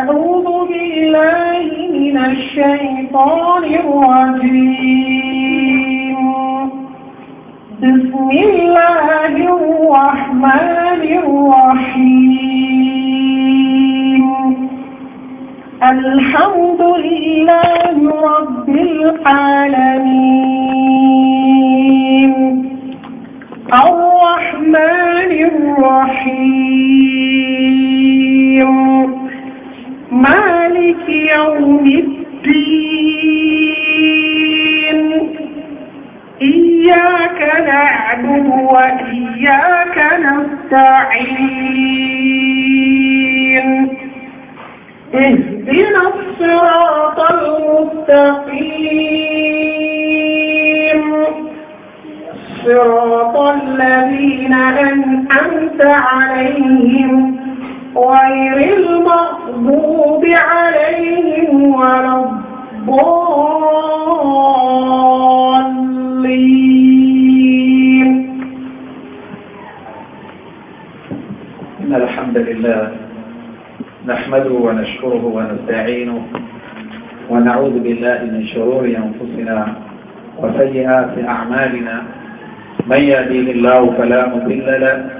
أعوذ بالله من الشيطان الرجيم بسم الله الرحمن الرحيم الحمد لله رب العالمين الرحمن الرحيم مالك يوم الدين إياك نعبد وإياك نستعين اهدنا الصراط المستقيم صراط الذين أنعمت عليهم غير المغضوب عليهم ولا الضالين إن الحمد لله نحمده ونشكره ونستعينه ونعوذ بالله من شرور أنفسنا وسيئات أعمالنا من يهديه الله فلا مضل له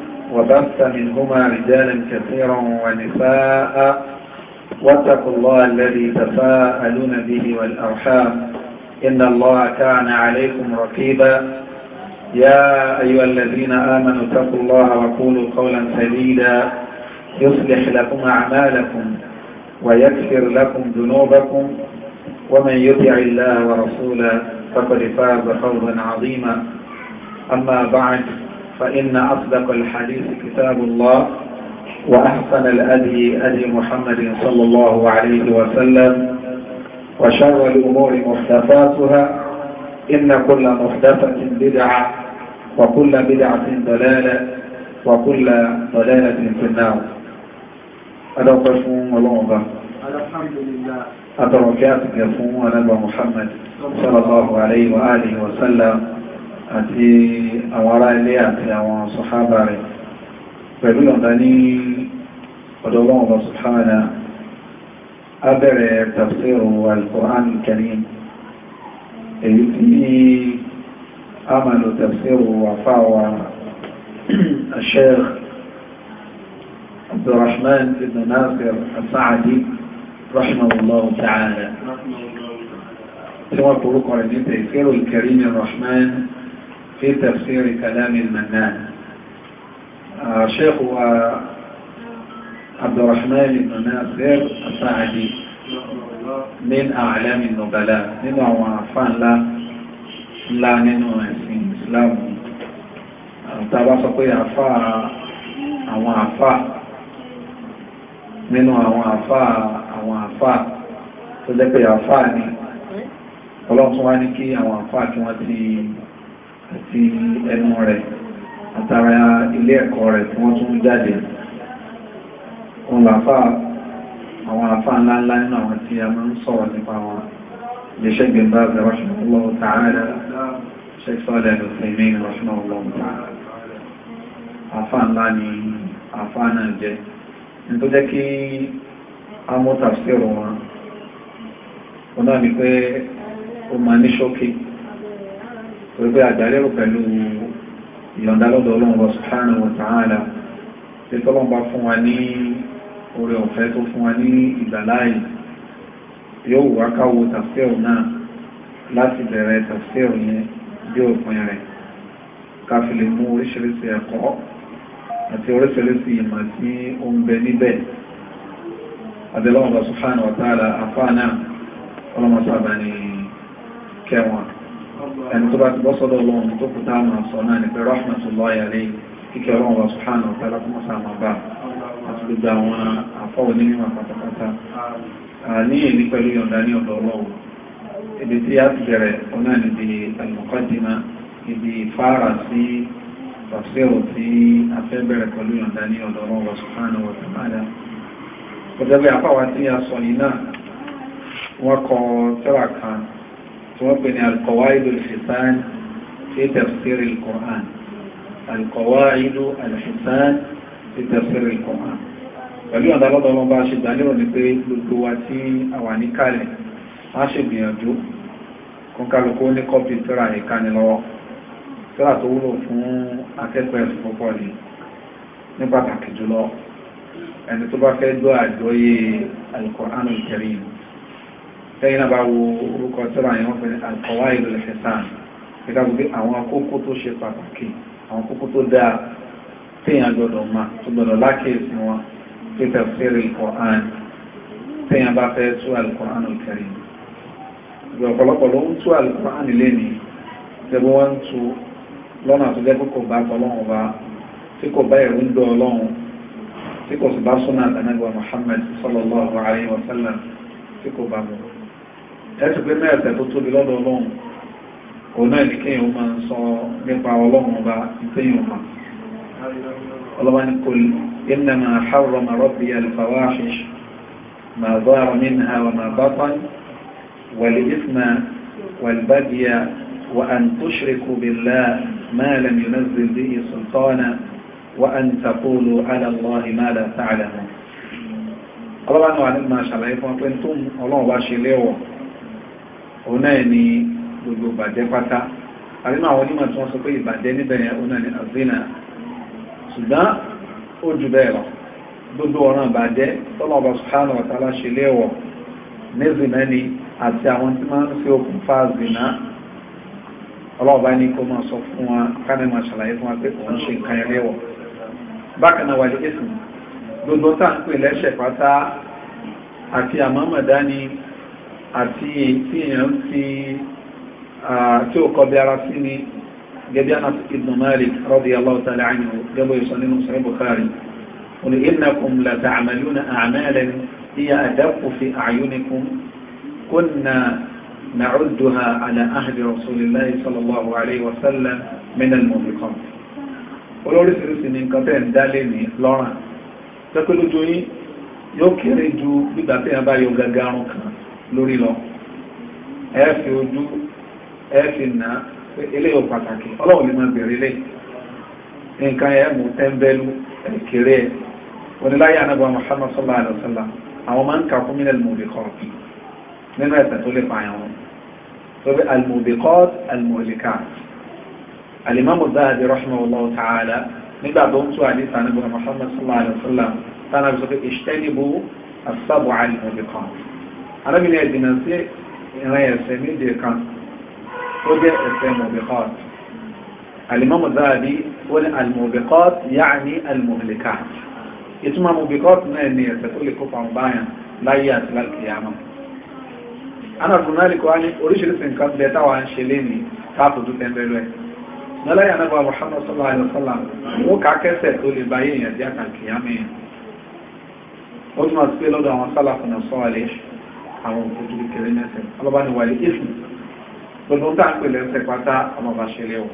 وبث منهما رجالا كثيرا ونساء واتقوا الله الذي تساءلون به والأرحام إن الله كان عليكم رقيبا يا أيها الذين آمنوا اتقوا الله وقولوا قولا سديدا يصلح لكم أعمالكم ويكفر لكم ذنوبكم ومن يطع الله ورسوله فقد فاز فوزا عظيما أما بعد فإن أصدق الحديث كتاب الله وأحسن الأدي أدي محمد صلى الله عليه وسلم وشر الأمور محدثاتها إن كل محدثة بدعة وكل بدعة ضلالة وكل ضلالة في النار ألا قسم الله الحمد لله أتركاتك يا محمد صلى الله عليه وآله وسلم àti àwọn ará ilé àti àwọn sọ̀hábà rẹ̀ pẹ̀lú yọ̀ǹda ní ọ̀dọ̀ ọlọ́run ọba sọ̀hánà á bẹ̀rẹ̀ tafsiru al-Qur'an al-Karim èyí tí a máa lò tafsiru àfáwà Sheikh Abdurrahman ibn Nasir as tí wọ́n forúkọ rẹ̀ ní tafsiru al-Karim ar-Rahman في تفسير كلام المنان شيخ عبد الرحمن بن ناصر السعدي من أعلام النبلاء من وعفان لا لا من اسم الإسلام تابع سقوي عفا أو عفا nínú àwọn àfá àwọn àfá tó jẹ́ ọlọ́run wá ní kí àwọn àfá kí wọ́n ti àti ẹnu rẹ̀ àtàrà ilé ẹ̀kọ́ rẹ̀ tí wọ́n tún jáde òun làfà àwọn àfà ńláńlá nínú àwọn tí a máa ń sọ̀rọ̀ nípa wọn iléeṣẹ́ gbẹ̀mbá rahimahullah ta'ala sheikh sọ́ọ̀lẹ̀ al-Uthaymin rahimahullah ta'ala àfà ńlá ni àfà náà jẹ́ nítorí a mú tafsir wọn òun náà ni pé torí pé àgbàlérò pẹ̀lú ìyọ̀ǹda lọ́dọ̀ ọlọ́run wa subhanahu wa ta'ala tí tọ́lọ́n bá fún wa ní oore ọ̀fẹ́ tó fún wa ní ìgbàláyè yóò wá káwo tafsir náà láti bẹ̀rẹ̀ tafsir yẹn bí òpin rẹ̀ ká lè mú oríṣiríṣi ẹ̀kọ́ àti oríṣiríṣi ìmọ̀ tí ó ń bẹ níbẹ̀ àbẹ̀lọ́run wa subhanahu wa ọlọ́mọ sábà ní kẹwọn ẹni tó bá ti bọ́ sọ́dọ̀ ọlọ́run tó kù tá a máa sọ náà ní pé rahmatullahi alayhi kíkẹ́ ọlọ́run wa subhanahu wa ta'ala kún mọ́sá máa bá àti gbogbo àwọn àfọwọ́ ní mímọ̀ pátápátá ní èyí pẹ̀lú yọ̀ǹda ní ọ̀dọ̀ ọlọ́run ibi tí a ti a fẹ́ bẹ̀rẹ̀ pẹ̀lú yọ̀ǹda ní ọ̀dọ̀ wa subhanahu wa ta'ala kọjá bí apá tí a sọ yìí náà wọ́n kọ tẹ́lá kan tí wọ́n pè ní alkọ̀wáìdù alhisan fi tafsir alkọ̀án alkọ̀wáìdù alhisan fi tafsir alkọ̀án pẹ̀lú ọ̀dọ́lọ́dọ́ ọlọ́ba ṣe dánilọ̀ ní pé gbogbo wa tí a wà ní kalẹ̀ wọ́n ṣe gbìyànjú kó kálukú ní kọ́pì tíra ìkánilọ́wọ́ tíra tó wúlò fún akẹ́kọ̀ọ́ ẹ̀sùn lẹ́yìn náà bá wo orúkọ tírà yẹn wọ́n fẹ́ àkọwá ìlú ẹ̀sán kíkà gbogbo àwọn akókó tó ṣe pàtàkì àwọn akókó tó dáa téèyàn gbọdọ̀ máa tó gbọdọ̀ lákèésí wọn fi tafsir al-Qur'an téèyàn bá fẹ́ tú al-Qur'an al-Karim ìgbà ọ̀pọ̀lọpọ̀ ló ń tú al-Qur'an lẹ́ni tẹ́gbọ́n wọn ń tu lọ́nà tó jẹ́ kókò bá tọ́lọ́wọ́n bá tí kò bá ẹ̀rú Muhammad sallallahu alayhi wa sallam tí kò bá mọ̀ ẹ̀sùn pé mẹ́ẹ̀sẹ̀ tó tóbi lọ́dọ̀ ọlọ́run kò náà ní kéèyàn máa ń sọ nípa ọlọ́run ọba ìtẹ́yìn ọmọ ọlọ́wà ní kò innama ní ẹ̀mà àhárọ̀ fawahish ma zahara minha wa ma batan wal ithma wal bagya wa an tushriku billahi ma lam yunzil bihi sultana wa an taqulu ala Allahi bí la ta'lamun ọlọ́wà náà wà ní ma ṣàlàyé fún ọpẹ́ tó ọlọ́run ọba ṣe léwọ̀n òun náà ni gbogbo ìbàjẹ́ pátá àrínú àwọn onímọ̀ tí wọ́n sọ pé ìbàjẹ́ níbẹ̀ yẹn òun náà ni àzínà ṣùgbọ́n ó jù bẹ́ẹ̀ lọ gbogbo ọ̀ràn ìbàjẹ́ tọ́lá ọba subhanahu wa ta'ala ṣe léèwọ̀ ní zìnà ni àti àwọn tí máa ń ṣe okùnfà zìnà ọlọ́ọ̀bá ní kó máa sọ fún wa káni máa ṣàlàyé fún wa pé òun ṣe nǹkan ẹ léèwọ̀ bákan náà wàlẹ́ èsì gbogbo táà ń pè lẹ́ṣẹ̀ pátá àti àmọ́mọ̀dá ni àti èyí tí èèyàn fi tí ó kọ bí ara sí ni gẹ́gẹ́ Anas ibn Malik radiyallahu ta'ala anhu gẹ́gẹ́ ìsọ nínú Sahih Bukhari qul innakum la ta'maluna a'malan hiya àdákù fi a'yunikum kunna na'udduha ala ahdi rasulillahi sallallahu alayhi wa sallam min al-mubiqat olóríṣiríṣi ní nǹkan tẹ́ ń dálé ní lọ́rùn tẹ́kọ̀ lójú yín yóò kéré ju gbígbà tẹ́yàn bá yọ gàgà àrùn kan lórí lọ ẹ fi ojú ẹ fi nà eléyìí pàtàkì ọlọ́run lè máa bẹ̀rẹ̀ lé nǹkan ẹ mú tẹ́ńbẹ́lú ẹ kéré ẹ oníláyà anábọ̀ Muhammad sallallahu alaihi wasallam àwọn máa ń kà fún mílẹ̀ mọ̀lẹ́kọ̀ọ́ nínú ẹ̀sẹ̀ tó lè pààyàn wọn sọ́bẹ̀ al-mubiqat al-muhlikat alimamu zahabi rahimahullahu ta'ala nígbà tó ń tú àdìsá anábọ̀ Muhammad sallallahu alaihi tánàbí sọ́bẹ̀ ìṣtẹ́nibú as-sab'a al arábìnrin ẹ̀dìnà sí ìran ẹ̀sẹ̀ méje kan ó jẹ́ ẹ̀sẹ̀ mọ̀bẹ̀kọ́t alimọ́mù záàbí ó ní alimọ̀bẹ̀kọ́t yáà ní alimọ̀bẹ̀kà ìtumọ̀ mọ̀bẹ̀kọ́t náà ní ẹ̀sẹ̀ tó lè kópa báyàn láyé àti láti yàmọ̀ anàbùnálìkọ́ á ní oríṣiríṣi nǹkan bẹ́ẹ̀ táwa ń ṣe léni káàpù tó tẹ́ńbẹ́lú ẹ̀ lọ́láyà náà bá Muhammad sallallahu alaihi wasallam ó kà á kẹ́sẹ̀ tó lè báyé èèyàn sí pé lọ́dọ̀ àwọn sálàfù náà sọ́ọ̀lẹ́ àwọn òkú gidi kéré lẹ́sẹ̀ ọlọ́ba ni wàlẹ̀ èsì gbogbo tá à ń pè lẹ́sẹ̀ pátá ọlọ́ba ṣe lé wọn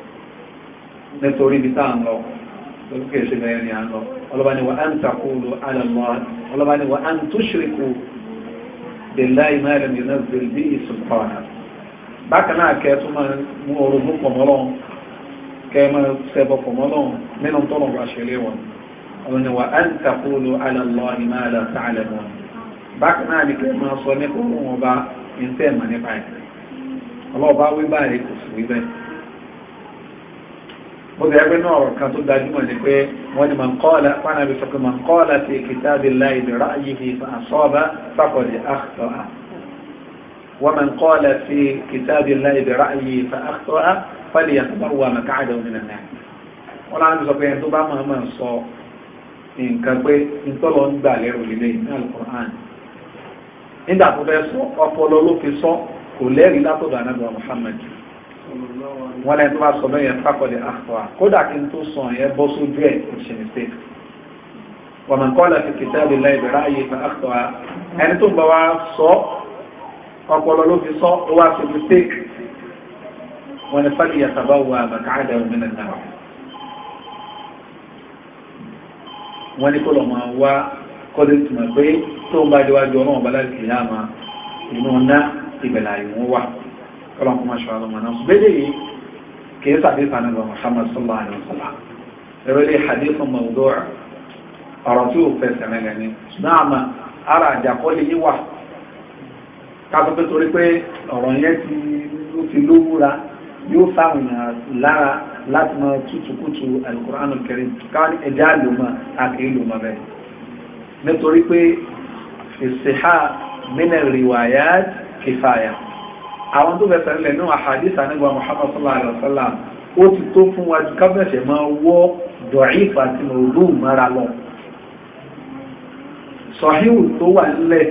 nítorí ibi tá à ń lọ lókè ṣe bẹ́ẹ̀ ni à ń ni wà á ń takúlù alàmọ́ ọlọ́ba ni wà á ń túṣìrìkù billahi ma lam yunzil bihi sultana bákan náà kẹ́ ẹ máa mú orogún pọ̀mọ́lọ́ kẹ́ máa ṣẹbọ pọ̀mọ́lọ́ nínú tọ́lọ̀ wá ṣe lé ọlọ́ni wà á ń takúlù alàmọ́ ni máa lọ sáà lẹ́mọ́ ni bákan náà ni kí ẹ máa sọ nípa òun ọba ní tẹ́ ẹ̀ mọ̀ nípa ẹ̀ ọlọ́ọ̀bá wí báyìí kò sí wí bẹ́ẹ̀ bóde ẹgbẹ́ náà ọ̀rọ̀ kan tó gbajúmọ̀ ni pé wọ́n ni màá kọ́ọ̀lá wọn àbí sọ́kè màá kọ́ọ̀lá ti kìtàbí láì lè rà yìí fi àsọ́ọ̀bá fàkọ̀dé àkọ́à wọ́n màá kọ́ọ̀lá ti kìtàbí láì lè rà yìí fi àkọ́à fàlì yàtọ̀ wà màkà àdà òní nà náà. wọ́n láwọn nígbà tó fẹ́ sọ ọpọlọ ló fi sọ kò lẹ́rìí látọ̀dọ̀ anábìwá Muhammad wọn lẹ́yìn tó bá sọ lẹ́yìn fákọ̀lẹ̀ àkọ́wà kódà kí n tó sọ yẹn bọ́ sójú ẹ̀ kò ṣe mistake wọ́n máa ń kọ́ láti kìtà lè la ìbẹ̀rẹ̀ ayé fa àkọ́wà ẹni tó ń bá sọ ọpọlọ ló fi sọ ó wá ṣe mistake wọn ni fákì yàtàbá wa bàtà àdá òmìnira náà wọn ni kó lọ́ kọ́lé túmọ̀ pé tó ń bá déwájú ọlọ́run bá láti kìlá àmà inú ọ̀nà ìbẹ̀lẹ̀ àìwọ̀n wà kọ́lọ́n kó máa ṣọ́ àlọ́mọ náà gbélé yìí kì í sàbí sànà lọ Muhammad sallallahu alaihi wasallam ẹ̀rọ ilé hadith mawdu' ọ̀rọ̀ tí ò fẹ́ sẹ̀rẹ̀ lẹ́ni náà mà ara àjàkọ́lé yìí wà kápẹ́ pé torí pé ọ̀rọ̀ yẹn ti lówúra yóò fáwọn lára láti máa tútùkútù Al-Qur'an Al-Karim káwọn ẹ̀dá lòmọ̀ àkèé lòmọ̀ bẹ́ẹ̀ nítorí pé ìsìhá mínà rìwáyà kìfàyà àwọn tó fẹsẹ̀ ńlẹ̀ nínú àhàdìsà nígbà Muhammad sallallahu alayhi wa sallam ó ti tó fún wa kábẹ̀sẹ̀ máa wọ́ dọ̀ífà àti mòdù mara lọ sọ̀híwù tó wà nílẹ̀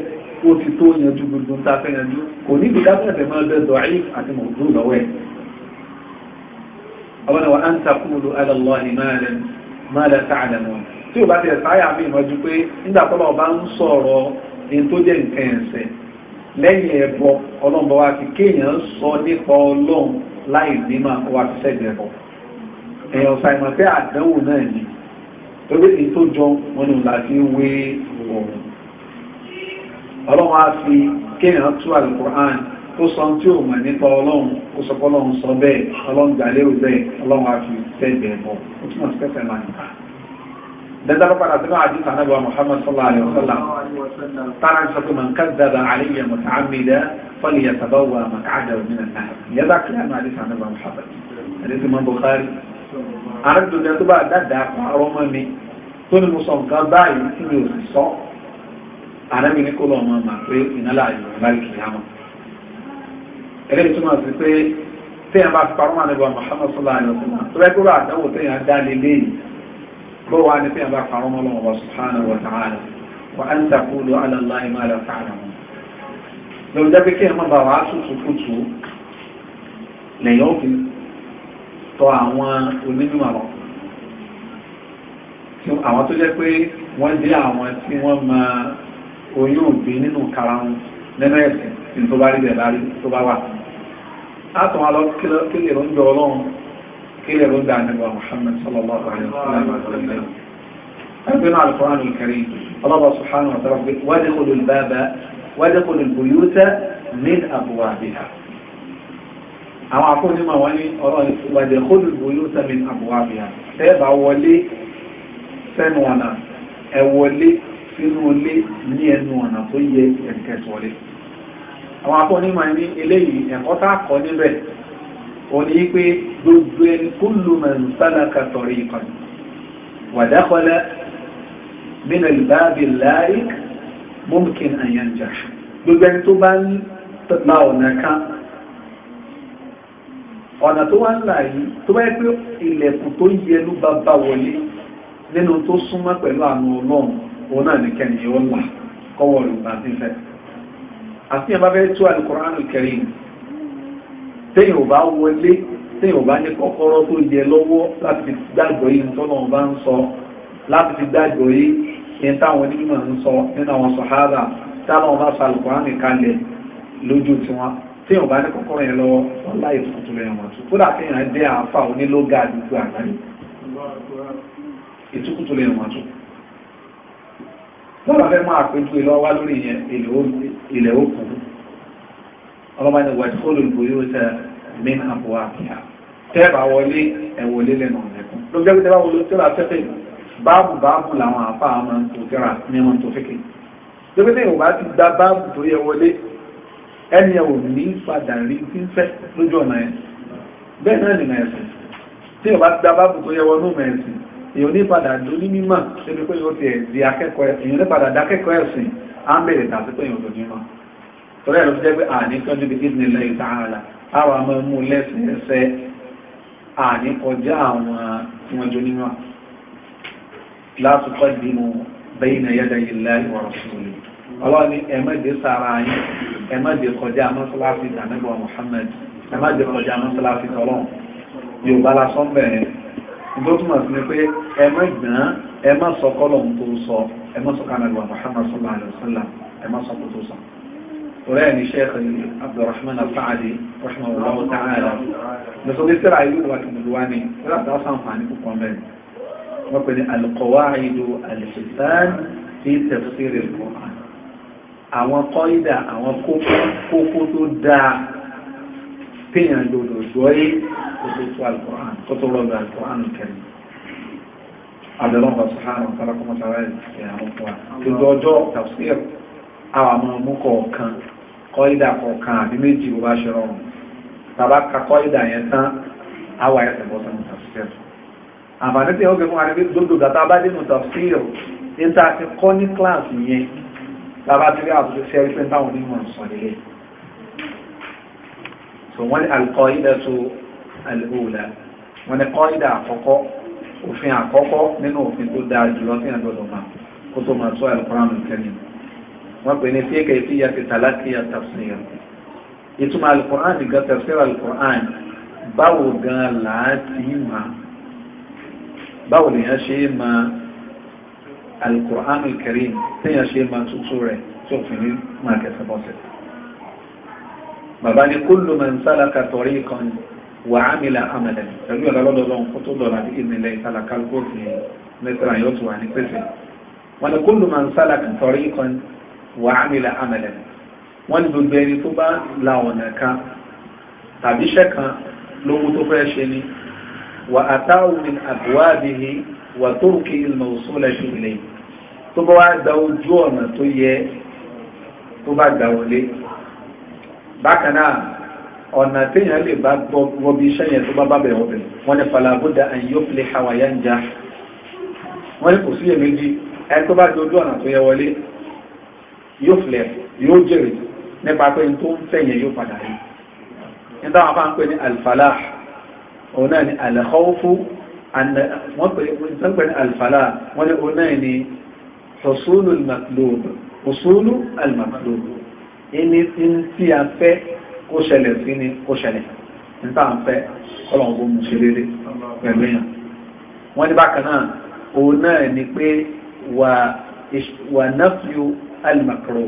ó ti tó yanjú gbogbo tá a fẹ́ yanjú kò ní bí kábẹ̀sẹ̀ máa bẹ dọ̀ífà àti mòdù lọ́wọ́ ẹ̀ àwọn àwọn àǹtà kúlù ala Allahi máa lẹ́ máa lẹ́ tààlà tí o bá ti ẹ̀sán àyà mi ìmọ̀jú pé nígbà tó lọ́wọ́ bá ń sọ̀rọ̀ ní tó jẹ́ nǹkan ẹ̀sẹ̀ lẹ́yìn ẹ̀bọ ọlọ́run wa fi kéèyàn sọ nípa ọlọ́run láì ní máa kó wa fi sẹ́gbẹ̀ẹ́ bọ̀ èèyàn ṣàìmọ̀ pé àdánwò náà ni torí èyí tó jọ wọn ni òun láti wé òun ọlọ́run á fi kéèyàn tú àlùkùránì tó sọ tí ò mọ̀ nípa ọlọ́run ó sọ pé ọlọ́run sọ bẹ́ẹ̀ ọlọ́run gbàlérò bẹ́ẹ̀ ọlọ́run á fi sẹ́gbẹ̀ẹ́ bọ̀ ó túmọ̀ sí pẹ́sẹ̀ máa nípa dẹ́dá bá padà sínú àdìsá náà bá Muhammad sallallahu alayhi wa sallam tára ń sọ pé man kadhaba alayya muta'ammidan falyatabawwa maq'adahu minan nar ìyẹn bá kílẹ̀ náà àdìsá náà bá Muhammad àdìsá mọ́ Bukhari arábìnrin tó bá dáadáa pààrọ̀ mọ́ mi tó ní mo sọ nǹkan báyìí tí mi ò sì sọ arábìnrin kó lọ́ọ́ máa mà pé ìnálà àyè ìbárí kìlámà eléyìí túmọ̀ sí pé téèyàn bá parọ́ mọ́ Muhammad sallallahu alayhi wa sallam tó bá bó wàá ní fíyàn bá parọ́ mọ́ lọ́wọ́ subhanahu wa ta'ala wa an ala Allahi ma la ta'lamun. lórí jẹ́ pé kí ẹ wàá tutù kutù lẹ́yìn òfin tọ àwọn onímọ̀ lọ. àwọn tó jẹ́ pé wọ́n jẹ́ àwọn tí wọ́n máa oyún òbí nínú karahun nínú ẹ̀sìn tó bá rí bẹ̀ bá rí tó bá wà. a tàn lọ kí كيف يرد عن نبوة محمد صلى الله عليه وسلم هل بمع القرآن الكريم الله سبحانه وتعالى ودخل الباب ودخل البيوت من أبوابها أما أقول لما واني ودخل البيوت من أبوابها سيبع ولي سنونا أولي سنولي نينونا طيب ينكس ولي أما أقول لما واني إلي ينقطع قنبه òní pé gbogbo ẹni kúlù mẹ́rin sálàkà sọ̀rọ̀ ìkan wàdákọ́lá nínú ìbáàbí láàrík mọ́mùkín àyànjá gbogbo ẹni tó bá ń la ọ̀nà kan ọ̀nà tó wá ń là yìí tó bá yẹ pé ilẹ̀kùn tó yẹnu bá bá wọlé nínú tó súnmọ́ pẹ̀lú àánú ọlọ́run òun náà ní kẹ́ni ó kọ́wọ́ rẹ̀ bá àti ẹ̀ bá fẹ́ tú Al-Qur'an al téèyàn ò bá wọlé téèyàn ò bá ní kọ́kọ́rọ́ tó yẹ lọ́wọ́ láti fi gbàgbọ́ yìí tó náà bá ń sọ láti fi gbàgbọ́ yìí yẹn táwọn onímọ̀ ń sọ nínú àwọn sọ̀hádà táwọn bá sàlùkọ́ àmì kalẹ̀ lójú tiwọn téèyàn bá ní kọ́kọ́rọ́ yẹn lọ́wọ́ wọn láyè tuntun lẹ́yìn wọn tún kódà téèyàn dé àáfà onílógà àdúgbò àgbáyé ìtukùtù lẹ́yìn wọn tún lọ́dọ̀ fẹ́ máa péjú ọlọ́ba ni wà tó lòlùbò yóò tẹ mí àbò àbíyá tẹ́ẹ̀bà wọlé ẹ̀wọlé lẹ́nu ọ̀lẹ́kùn ló jẹ́ pé tẹ́ẹ̀bà wọlé tẹ́ẹ̀bà tẹ́fẹ̀ báàbù báàbù làwọn àfa máa ń tó tẹ́ra ní wọn tó fẹ́kẹ̀ lóbi ní ìwà ti gba báàbù tó yẹ wọlé ẹni ẹ̀ ò ní padà rí tí ń fẹ́ lójú ọ̀nà ẹ̀ bẹ́ẹ̀ náà nìyẹn ẹ̀sìn tí ìwà ti gba báàbù tó yẹ wọnú mẹ́ẹ̀sìn èèyàn ní padà dúní mímọ̀ ṣe ni pé yóò ti ẹ̀ di akẹ́kọ̀ọ́ ẹ̀sìn èèyàn ní padà dá akẹ́kọ̀ọ́ ẹ̀sìn á ń bẹ̀rẹ̀ dà pé èèyàn ò ní mọ̀ torí ẹ̀rọ jẹ́ pé àní kan níbi tí nílẹ̀ ìtààlà àwọn ọmọ ẹmú lẹ́sẹẹsẹ àní kọjá àwọn tí wọ́n jó níwọ̀n látúkọ́ dìmú bẹ́yìn ẹ̀yẹ́dẹ̀ ilẹ̀ ìwọ̀rọ̀ sùúrù ọlọ́run ní ẹ̀mẹ́dẹ̀ sára yín ẹ̀mẹ́dẹ̀ kọjá mọ́sálásí ìdánilọ́ Muhammad ẹ̀mẹ́dẹ̀ kọjá mọ́sálásí tọ́lọ́n Yorùbá lásán bẹ̀rẹ̀ tó túmọ̀ sí ni pé ẹ̀mẹ́gbọ̀n ẹ̀mẹ́sọ̀kọ́lọ̀ tó sọ ẹ̀mẹ́sọ̀kánàlùwà Muhammad sallallahu alayhi ẹ̀mẹ́sọ̀kọ́ tó sọ. ورأني الشيخ عبد الرحمن الصعدي رحمه الله تعالى نصدي سرع يقوى كمدواني لا تعصم فعني كمان وقل القواعد الحسان في تفسير القرآن àwọn kọ́ídà àwọn kókó tó dáa téèyàn gbọdọ̀ gbọ́yé kó tó tó alukóran kó tó lọ́ọ́ gba alukóran kẹrin àdàlọ́wọ́ sàhánà kálákọ́mọ́sára ẹ̀ àwọn fún wa tó dọ́jọ́ tafsir àwọn ọmọ ọmọkọ̀ọ̀kan kọ́ídà kọ̀ọ̀kan àbí méjì bó bá ṣe rọrùn tàbá ka kọ́ídà yẹn tán àwà ẹsẹ̀ bọ́ sọ́nù tafsir àǹfààní tí wọ́n fi fún wa ní bí gbogbo gàtà bá dínú tafsir ní tá a ti kọ́ ní kíláàsì yẹn tàbá ti rí àtúnṣe sí ẹrí pé táwọn onímọ̀ ń sọ nílé so wọ́n ní al-qaidatu al wọ́n ní kọ́ídà àkọ́kọ́ òfin àkọ́kọ́ nínú òfin tó dáa jùlọ sí ẹ̀dọ́dọ̀ máa kó tó máa sọ al-Qur'an wọ́n pè ní fíkà ìfíyà ti tàlákì àtàfsir ìtumọ̀ alukur'an gan tafsir alukur'an báwo gan láti mà báwo lèèyàn ṣe é ma alukur'an karim téèyàn ṣe é ma tuntun rẹ̀ tí òfin ní máa kẹsẹ̀ bọ́sẹ̀ bàbá ni kullu man salaka tariqan wa amila amalan pẹ̀lú ọ̀lọ́dọ̀ lọ́n kó tó dọ̀la bí ìnìlẹ̀ ìsàlàkà gbòòfin mẹ́tẹ̀rẹ̀ yóò tún wà ní pèsè wọn ni kullu man salaka tariqan wà á nílẹ̀ àmàlẹ̀ wọ́n ní gbogbo ẹni tó bá la ọ̀nà kan tàbí iṣẹ́ kan lówó tó fẹ́ ṣe ni wà á táwọn ní àbúwá àbíyí wà tó kí ìlànà òṣòlẹ̀ ṣe lè tó bá wá gba ojú ọ̀nà tó yẹ tó bá gbà wọlé bákan náà ọ̀nà téèyàn lè bá wọbi iṣẹ́ yẹn tó bá bá bẹ̀rẹ̀ wọbẹ̀ wọ́n ní falabuda àyíyọ́pẹ̀lẹ̀ hawaiian já wọ́n ní kò sí èméjì ẹ tó bá di ojú ọ̀nà tó yẹ wọlé yóò filẹ̀ yóò jèrè nípa pé tó ń fẹ́ yẹn yóò padà rí ní táwọn afá ń pè ní alfalah òun náà ni alkhawfu wọ́n pè ní alfalah wọ́n ní òun náà ni husulu al-matlub husulu al-matlub ẹni tí a fẹ́ kó ṣẹlẹ̀ sí ni kó ṣẹlẹ̀ ní táwọn fẹ́ kọ́lọ̀ǹgbò mú ṣe lédè pẹ̀lú yàn wọ́n ní bákan náà òun náà ni pé wà náfíù alimakoro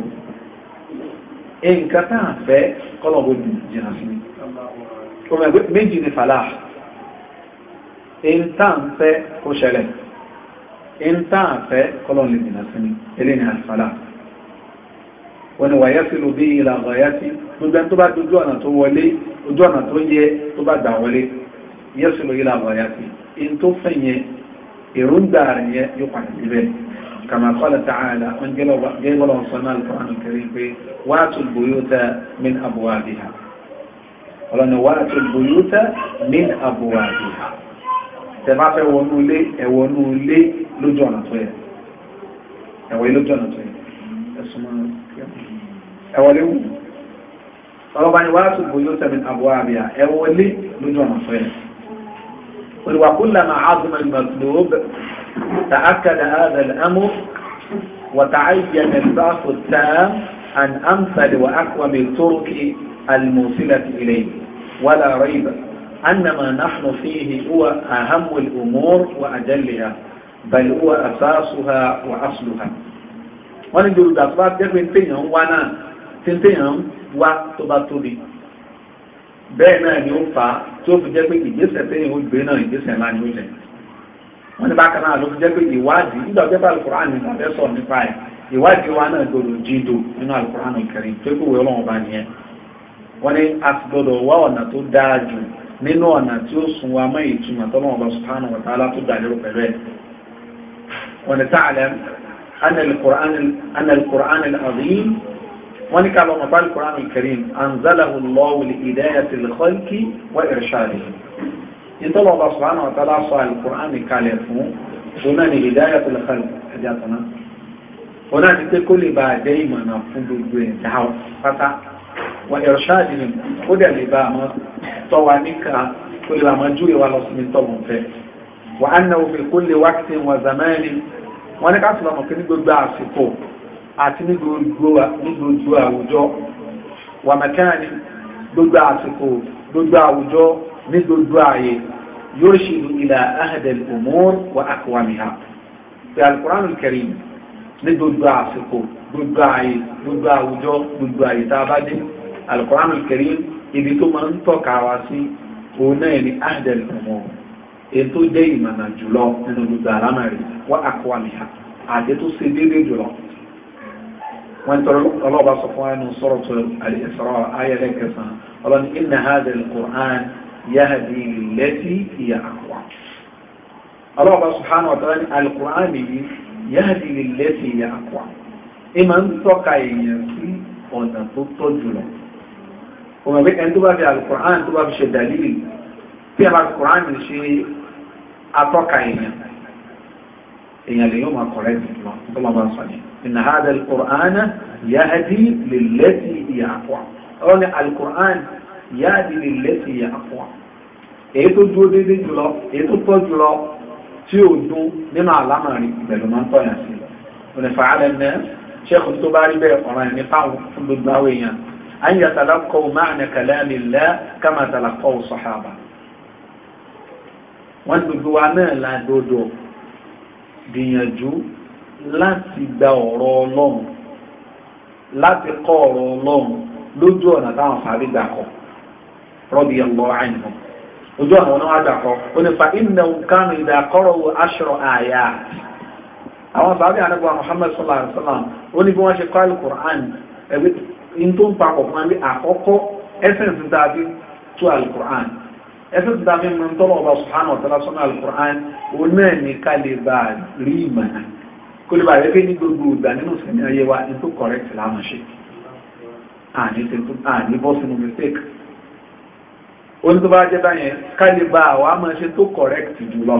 nǹkan tá à ń fẹ́ kọ́lọ̀ bó dùn jìnnà sí omi ẹgbẹ́ méjì ní fàlà nǹta à ń fẹ́ kó ṣẹlẹ̀ nǹta à ń fẹ́ kọ́lọ̀ lè jìnnà sí ni eléyìí ní àfàlà wọn ni wàyà sí lu bí gbogbo ẹni tó bá dojú ọ̀nà tó wọlé ojú ọ̀nà tó yẹ tó bá gbà wọlé yẹ sí lu ilà wàyà sí ẹni tó fẹ́ yẹn èròǹgbà rẹ̀ yẹ كما قال تعالى جيب لهم صنع القرآن الكريم واتوا البيوت من أبوابها قال واتوا البيوت من أبوابها تبعت ẹwọnú ilé ẹwọnú ilé lójú ọ̀nà tó yẹ ẹwọ ilé lójú ọ̀nà tó yẹ ẹsùn mọ́ ẹwọ léwu ọlọ́ba ni wàá tún bóyá sẹ́mi àbúrò àbíyá ẹwọ ilé lójú ọ̀nà tó yẹ olùwàkúlà máa á dùn mọ́ ìgbà tó lówó bẹ́ẹ̀. تأكد هذا الأمر وتعين الضعف التام عن أمثل وأقوم الترك الموصلة إليه ولا ريب أن ما نحن فيه هو أهم الأمور وأجلها بل هو أساسها وأصلها ونجد الأسباب تقوم بينهم وانا تنتهم وقت بطولي بينا نوفا توب جبك جسد تنهو بينا جسد ما نوزن wọ́n ní bákan náà ló fi jẹ́ pé ìwádìí nígbà tó bá alukur'an ní ìfẹ́ sọ̀rọ̀ nípa ẹ̀ ìwádìí wa náà gbọdọ̀ jíndò nínú alukur'an Karim tó kó wẹ́ ọlọ́run ọba nìyẹn wọ́n ní a ti gbọdọ̀ wá ọ̀nà tó dáa jù nínú ọ̀nà tí ó sùn wa mọ́ ìtumọ̀ tọ́lọ́run ọba subhanahu wa ta'ala tó dàlérò pẹ̀lú ẹ̀ wọ́n ní ta'lam anna alukur'an al ní ká lọ́mọ̀ bá alukur'an Karim anzalahu Allahu li hidayati al ìtọ́lọ̀ ọba subhanahu wa ta'ala sọ alukur'an kalẹ̀ fún ọ̀nà ni hidayatul khalq ẹ̀dá tó náà ọ̀nà ti pé kó lè bá a jẹ́ ìmọ̀nà fún gbogbo ẹ̀ dá ọ pátá wà irshad ni ó dẹ̀ lè bá a mọ́ tọ́ wa níka kó lè bá a mọ́ júwe wa lọ síbi tọ́ wọn fẹ́ wà á náwó fi kulli waqtin wa zamanin wọn ní ká sọ̀rọ̀ mọ̀ kí ní gbogbo àsìkò àti ní gbogbo àwùjọ wà mẹ́kẹ́rin ní gbogbo ààyè yóò ṣe ìlà ahadal umur wa akwamiha ti alukuran karim ní gbogbo àsìkò gbogbo ààyè gbogbo àwùjọ gbogbo ààyè tá a bá dé alukuran karim ibi tó máa ń tọ́ka wá sí òun náà ní ahadal umur ètò jẹ́ ìmọ̀nà jùlọ nínú gbogbo àlámà rẹ̀ wa akwamiha àti tó ṣe déédéé jùlọ wọ́n tọrọ ọlọ́ọ̀bá sọ fún wa nínú suratul Isra ayẹlẹ́kẹsàn ọlọ́ni inna يهدي للتي هي أقوى الله سبحانه وتعالى القرآن يهدي للتي هي أقوى ìmọ̀ ń tọ́ka èèyàn sí ọ̀nà tó tọ́ jùlọ. Òmò pé ẹni tó bá fi alukur'an tó bá fi ṣe dàlílì tí a bá alukur'an ṣe atọ́ka èèyàn. Èèyàn lè yóò máa kọ̀rẹ́ ti lọ tó máa bá sọ yẹn. Inna hadha alukur'an yahdi lillati hiya aqwa. Ọ̀rọ̀ ni alukur'an ìyá àdìrí lẹ́sìn ìyá fún wa èyí tó dúró déédé jùlọ èyí tó tọ́ jùlọ tí ò dún nínú àlámọ̀rin ìbẹ̀rù máa ń tọ̀yà sí i ònìfà alẹ́ náà ṣẹ́kù tó bá rí bẹ́ẹ̀ ọ̀ràn ẹ̀ nípa fún gbogbo àwọn èèyàn an yatalaqaw ma'na kalamillah kama talaqaw sahaba wọ́n gbogbo wa náà la dodo gbìyànjú láti gba ọ̀rọ̀ Ọlọ́run láti kọ́ ọ̀rọ̀ Ọlọ́run lójú ọ̀nà táwọn fàárí gbà kọ́ radiyallahu anhum ojú àwọn náà wá dàkọ ó ní fa innahum kanu idha qara'u ashra ayat àwọn sàbí àdàbọ̀ Muhammad sallallahu alayhi wa sallam ó ní bí wọ́n ṣe kọ́ alukur'an ẹ̀wí ní tó ń papọ̀ fún ẹbí àkọ́kọ́ ẹsẹ̀nsì tàbí tú alukur'an ẹsẹ̀nsì tàbí mú tọ́lọ̀ ọba subhanahu wa ta'ala sọ́nà alukur'an ó náà ní ká lè bá a rí ìmọ̀nà kó lè bá a rẹ́gbẹ́ ní gbogbo ìgbà nínú sẹ́mi ayé wa ní tó correct onu tó bá jẹ́ báyẹn ká lè bá àwọn àmọ́ ṣe tó correct jùlọ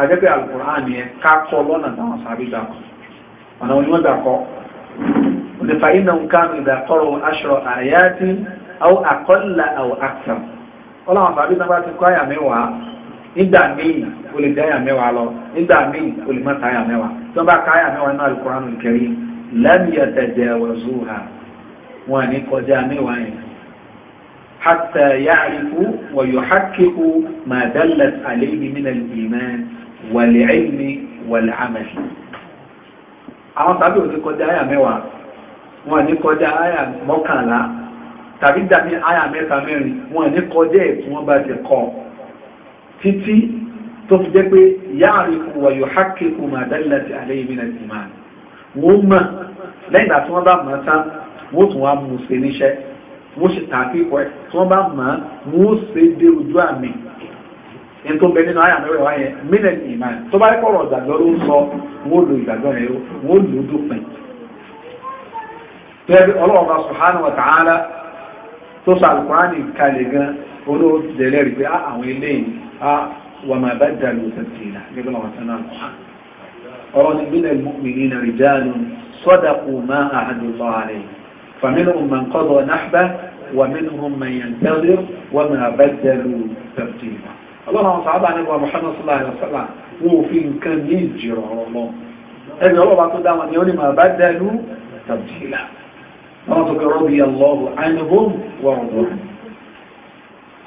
àjẹpẹ́ alukur'an yẹn ká kọ́ lọ́nà táwọn sábì gbà ọ̀nà onímọ̀ gbà kọ́ onífà iná nǹkan ìgbà kọ́rọ̀ aṣọ àyàtì àwọn àkọ́là àwọn àkàtà ọlọ́wọ́n náà bá ti kọ́ àyà mẹ́wàá nígbà míì o lè dá àyà mẹ́wàá lọ nígbà míì o lè má àyà mẹ́wàá tí wọ́n bá حتى يعرفوا ويحققوا ما دلت عليه من الإيمان والعلم والعمل àwọn sábẹ́ òní kọjá àyà mẹ́wàá wọn ní kọjá àyà mọ́kànlá tàbí dàbí àyà mẹ́ta mẹ́rin wọn ní kọjá ẹ̀ tí wọ́n bá ti kọ́ títí tó fi jẹ́ pé ya'rifu wa yuhaqqiqu ma dallat alayhi min al-iman wọ́n mọ̀ lẹ́yìn tí wọ́n bá mọ̀ tán wọ́n tún wá mú un ṣe níṣẹ́ wọ́n ṣe tààkì kọ́ ẹ̀ tí wọ́n bá mọ̀ ọ́n wọ́n ṣe dé ojú àmì ní tó bẹ nínú àyà mẹ́wẹ̀ẹ́ wáyẹ mílẹ̀ ní ìmọ̀ tó bá kọ̀rọ̀ ìgbàgbọ́ ló ń sọ wọ́n lo ìgbàgbọ́ yẹn wọ́n lò ó dópin. tẹ́lẹ̀ ọlọ́run bá subhanahu wa ta'ala tó sọ alukurani kalẹ̀ gan olóò dẹ̀lẹ́ rí pé ah, àwọn eléyìí á ah, wà máa bá dàlú tẹ̀síìlà gẹ́gẹ́ bá wọn sọ náà kọ́. ọ̀rọ̀ ni mílẹ̀ mu'minina rijalun sadaqu ma ahadu Allah alayhi faminhum man qada nahbahu ومنهم من ينتظر وما بدلوا تبديلا ọlọ́run àwọn sàábà nígbà Muhammad sallallahu alayhi wa sallam wọn ò fi nǹkan ní ìjìrọ̀ ọ̀rọ̀ lọ ẹni ọlọ́ba tó dá wọn ni ó ní máa bá dẹnu tàbílà wọn tó kọrọ bí ọlọ́rù àìníhùn wọn lọ.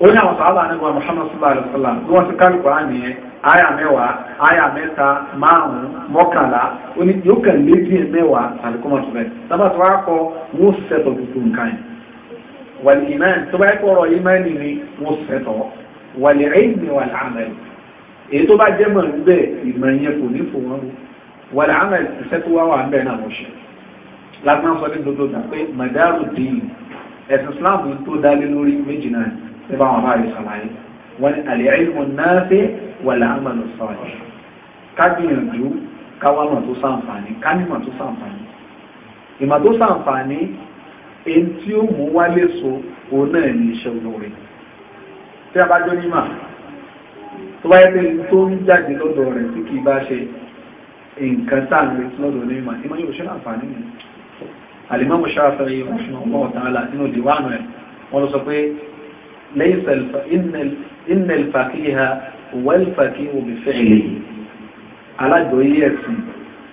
ó ní àwọn sàábà nígbà Muhammad sallallahu alayhi wa sallam bí wọ́n ti ká lùkọ́ àmì ẹ̀ àyà mẹ́wàá àyà mẹ́ta márùn-ún mọ́kànlá ó ní yóò kàn lé díẹ̀ mẹ́wàá àlùkò mọ̀tò bẹ́ẹ̀ wàlìmán tó bá yẹ kó ọ̀rọ̀ ìmánì ni wọ́n fẹ́tọ̀ wàlìmí wàlàmẹ́lì èyí tó bá jẹ́ mọ̀ níbẹ̀ ìmọ̀ yẹn kò ní fòwọ́n rú wàlàmẹ́lì iṣẹ́ tó wá wà ń bẹ̀ náà wọ́n ṣe lágbọ́n sọ ní dodo náà pé madaru dín ẹ̀sìn Islam tó dálé lórí méjì náà ṣé bá wọn bá rí sàlàyé wọn ni àlẹ́ẹ̀lìmọ̀ náà fẹ́ wàlàmẹ́lì sọ̀rọ̀ kábíyànjú káwámọ̀ tó sàǹfààní kánímọ̀ tó sàǹfààní ìmọ̀ tó sàǹfààní èyí tí ó mú wálé so òun náà ní iṣẹ́ olóore tí a bá jọ ní mà tó bá yẹ pé tó ń jáde lọ́dọ̀ rẹ̀ tí kì í bá ṣe nǹkan tá à ń retí lọ́dọ̀ ní mà ìmọ̀ yóò ṣe láǹfààní mi àlìmọ́ mo ṣáàfẹ́ yìí wọ́n ṣùgbọ́n ọmọ ọ̀tá àlà nínú ìdìwánu ẹ̀ wọ́n lọ sọ pé inna al-faqiha wal-faqihu bi fi'lihi alájọ ilé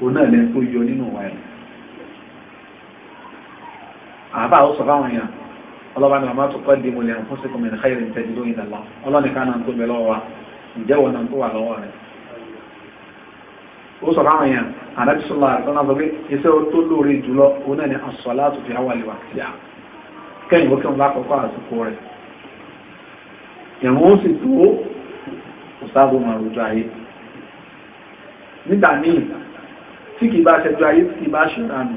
òun náà lẹ́ àbá àwọn sọ̀rọ̀ àwọn èèyàn ọlọ́ba ní ọmọ tó kọ́ di mo lè hàn fún sẹ́kùn mi nìkan yẹn tẹ̀lé lóyìn lọ́wọ́ ọlọ́ni ká náà tó bẹ lọ́wọ́ wa ǹjẹ́ wọn náà tó wà lọ́wọ́ rẹ̀. ó sọ̀rọ̀ àwọn èèyàn àdájú sọ̀rọ̀ àtọ́ náà sọ pé iṣẹ́ tó lóore jùlọ òun náà ni àsọ̀lá tó fi àwàlẹ̀ wà sí à kẹ́yìn òkè ńlá kọ́kọ́ àsìkò rẹ̀. ìrún ó sì tó òṣàbò máa rojú ayé. nígbà míì tí kì í bá ṣẹjú ayé tí kì í bá ṣèrànù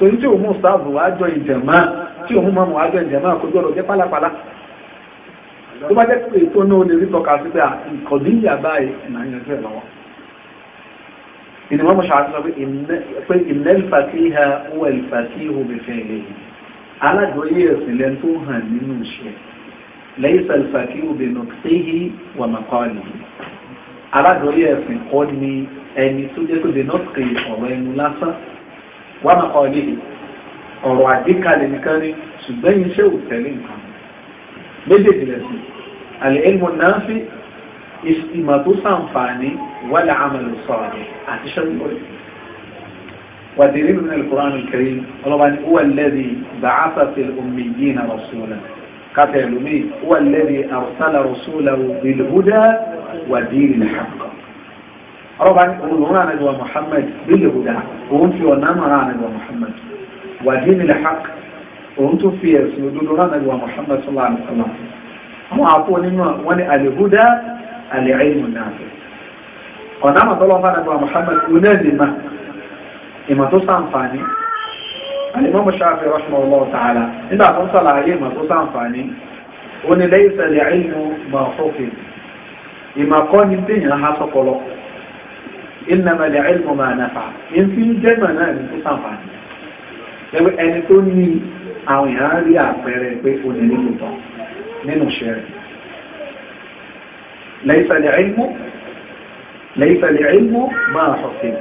so ní tí òun mú sáàbù wájọ ìjẹ̀má tí òun mọ̀ wájọ ìjẹ̀má kó gbọ́dọ̀ jẹ́ pálapàla tó bá jẹ́ pé ètò náà lè rí tọ́ka sí pé ìkọ̀dí ìyá báyìí náà yẹn fẹ́ lọ́wọ́ ìnìmọ́ mọ̀ṣáà ti sọ pé ìnẹ́lì fàtíhà wọ ìfàtíhù bẹ̀fẹ̀ ilé alájọyé ẹ̀sìn lẹ́nu tó hàn nínú iṣẹ́ lẹ́yìn sàlfàtíhù bẹ̀nù alágbọ̀yé ẹ̀sìn kọ́ ni ẹni tó jẹ́ pé dènà pé ọ̀rọ̀ ẹnu lásán wà máa kọ́ ilé ọ̀rọ̀ àgbékalẹ̀ nìkan ni ṣùgbọ́n yín ṣé ò tẹ̀lé nǹkan méjèèjì lẹ́sìn àlẹ́ ẹnu náà fi ìmọ̀ tó sàǹfààní wàlẹ̀ àmàlù sọ̀rọ̀ àti ṣẹ́gun ودليل من القرآن الكريم الله هو الذي بعث في الأميين رسولا kátẹ́ lómi wà lẹ́bi àrùsálà rọ̀ṣúlà bìlìhúdà wà dìrì lẹ́hàkọ́. ọlọ́ba ní òun lòun àná ìwà Muhammad bìlìhúdà òun fi ọ̀nà àmàrà àná ìwà Muhammad wà dìrì lẹ́hàkọ́ òun tó fi ẹ̀sùn òdodo àná ìwà Muhammad sọlá àlùfọlá. àwọn àpò nínú wọn ni àlìhúdà àlìhàìmù náà ọ̀nà àmàtọ́lọ́ alimọ́mù ṣáfi rọ́ṣùmọ̀ ọlọ́wọ́ tààlà nígbà tó ń sàlàyé ìmọ̀ tó sàǹfààní ó ní lẹ́yìn sẹ̀lẹ̀ ìlú mọ̀ọ́fọ́fẹ́ ìmọ̀ kọ́ ni téèyàn há sọ́kọlọ́ ìnàmà lẹ̀ ìlú máa nàfà ń fi jẹ́mọ̀ náà ní tó sàǹfààní ẹgbẹ́ ẹni tó ní àwọn èèyàn rí àpẹẹrẹ pé ó ní nínú tán nínú ṣẹ́rẹ̀ lẹ́yìn sẹ̀lẹ̀ ìlú máa sọ̀fẹ́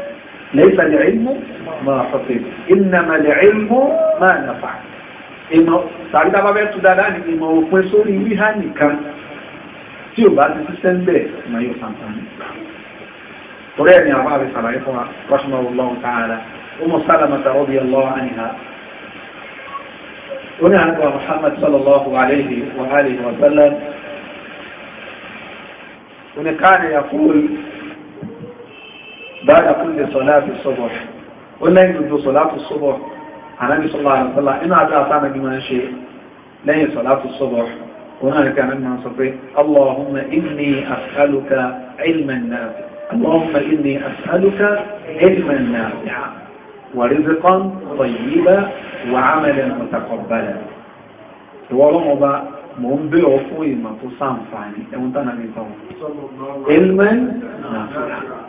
ليس العلم ما حصل إنما العلم ما نفع ìmọ̀ tàbí tá a bá fẹ́ tún dáadáa ní ìmọ̀ òpin sórí wíhá nìkan tí ò bá ti ṣiṣẹ́ ń bẹ̀ máa yóò sàǹfààní. torí ẹ̀ ni àwọn àbí sàlàyé fún wa rọ́ṣùmọ̀ ọlọ́run káàdà ọmọ sálàmà tàwọn bíi ọlọ́run àníhà. ó ní àná wa Muhammad sallallahu alayhi wa alihi wa sallam. ó ní káàdì yaqul بعد كل صلاة الصبح ولا يقول صلاة الصبح عن النبي صلى الله عليه وسلم إن أتى أتانا بما شيء لا صلاة الصبح هناك مما صفيه اللهم إني أسألك علما نافعا اللهم إني أسألك علما نافعا ورزقا طيبا وعملا متقبلا هو رمضان مهم ń ما تصام فعني أنت sáǹfààní ẹ̀wọ̀n علما نافعا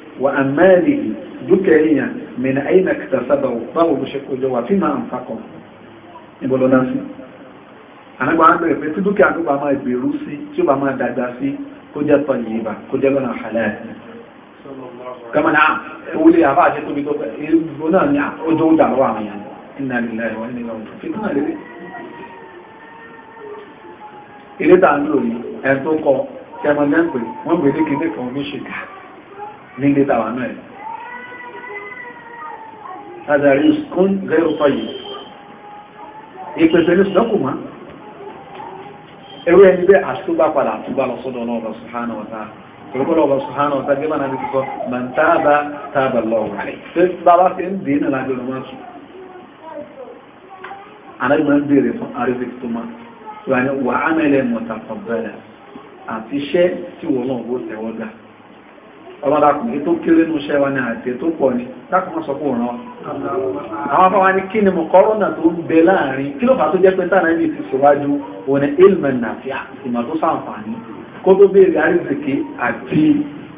wa amalihi dúkìá èèyàn min aina iktasaba báwo ló ṣe kójọ wà fima anfaqa tí dúkìá tó bá máa gbèrú sí na wuli a ba ce tobi ko ibuna ni a o do ma yan inna lillahi wa inna wọ́n gbé kan nílé tàwà náà ẹ̀ azàrí skún zero tọ́yì ìpèsè ní sọ́kù mọ́ ẹwé ẹni bẹ́ àtúbà padà àtúbà lọ sọ́dọ̀ ọlọ́ọ̀bà subhanahu wa ta'ala tòlókọ́lọ́ ọba subhanahu wa ta'ala gẹ́gbà náà ti sọ man taaba taaba Allahu alayhi ṣé bàbá fi ń dè náà lájọ́ lọ́wọ́ sùn anáyí máa ń béèrè fún arífẹ́kì tó wà ní wàhánà ilẹ̀ mọ̀tàkọ̀bẹ̀rẹ̀ àti iṣẹ́ ọmọdàkùnrin tó kéré ní iṣẹ́ wa ní àti tó pọ̀ ní lákùnmọ́ sọ fún òràn àwọn afáwa ní kí ni mo kọ́rọ́nà tó ń bẹ láàrin kí ló fà tó jẹ́ pé tànà ibi ti ṣèwájú òun ilmẹ̀ nàfíà ìmọ̀ tó sàǹfààní kó tó béèrè àríṣèké àti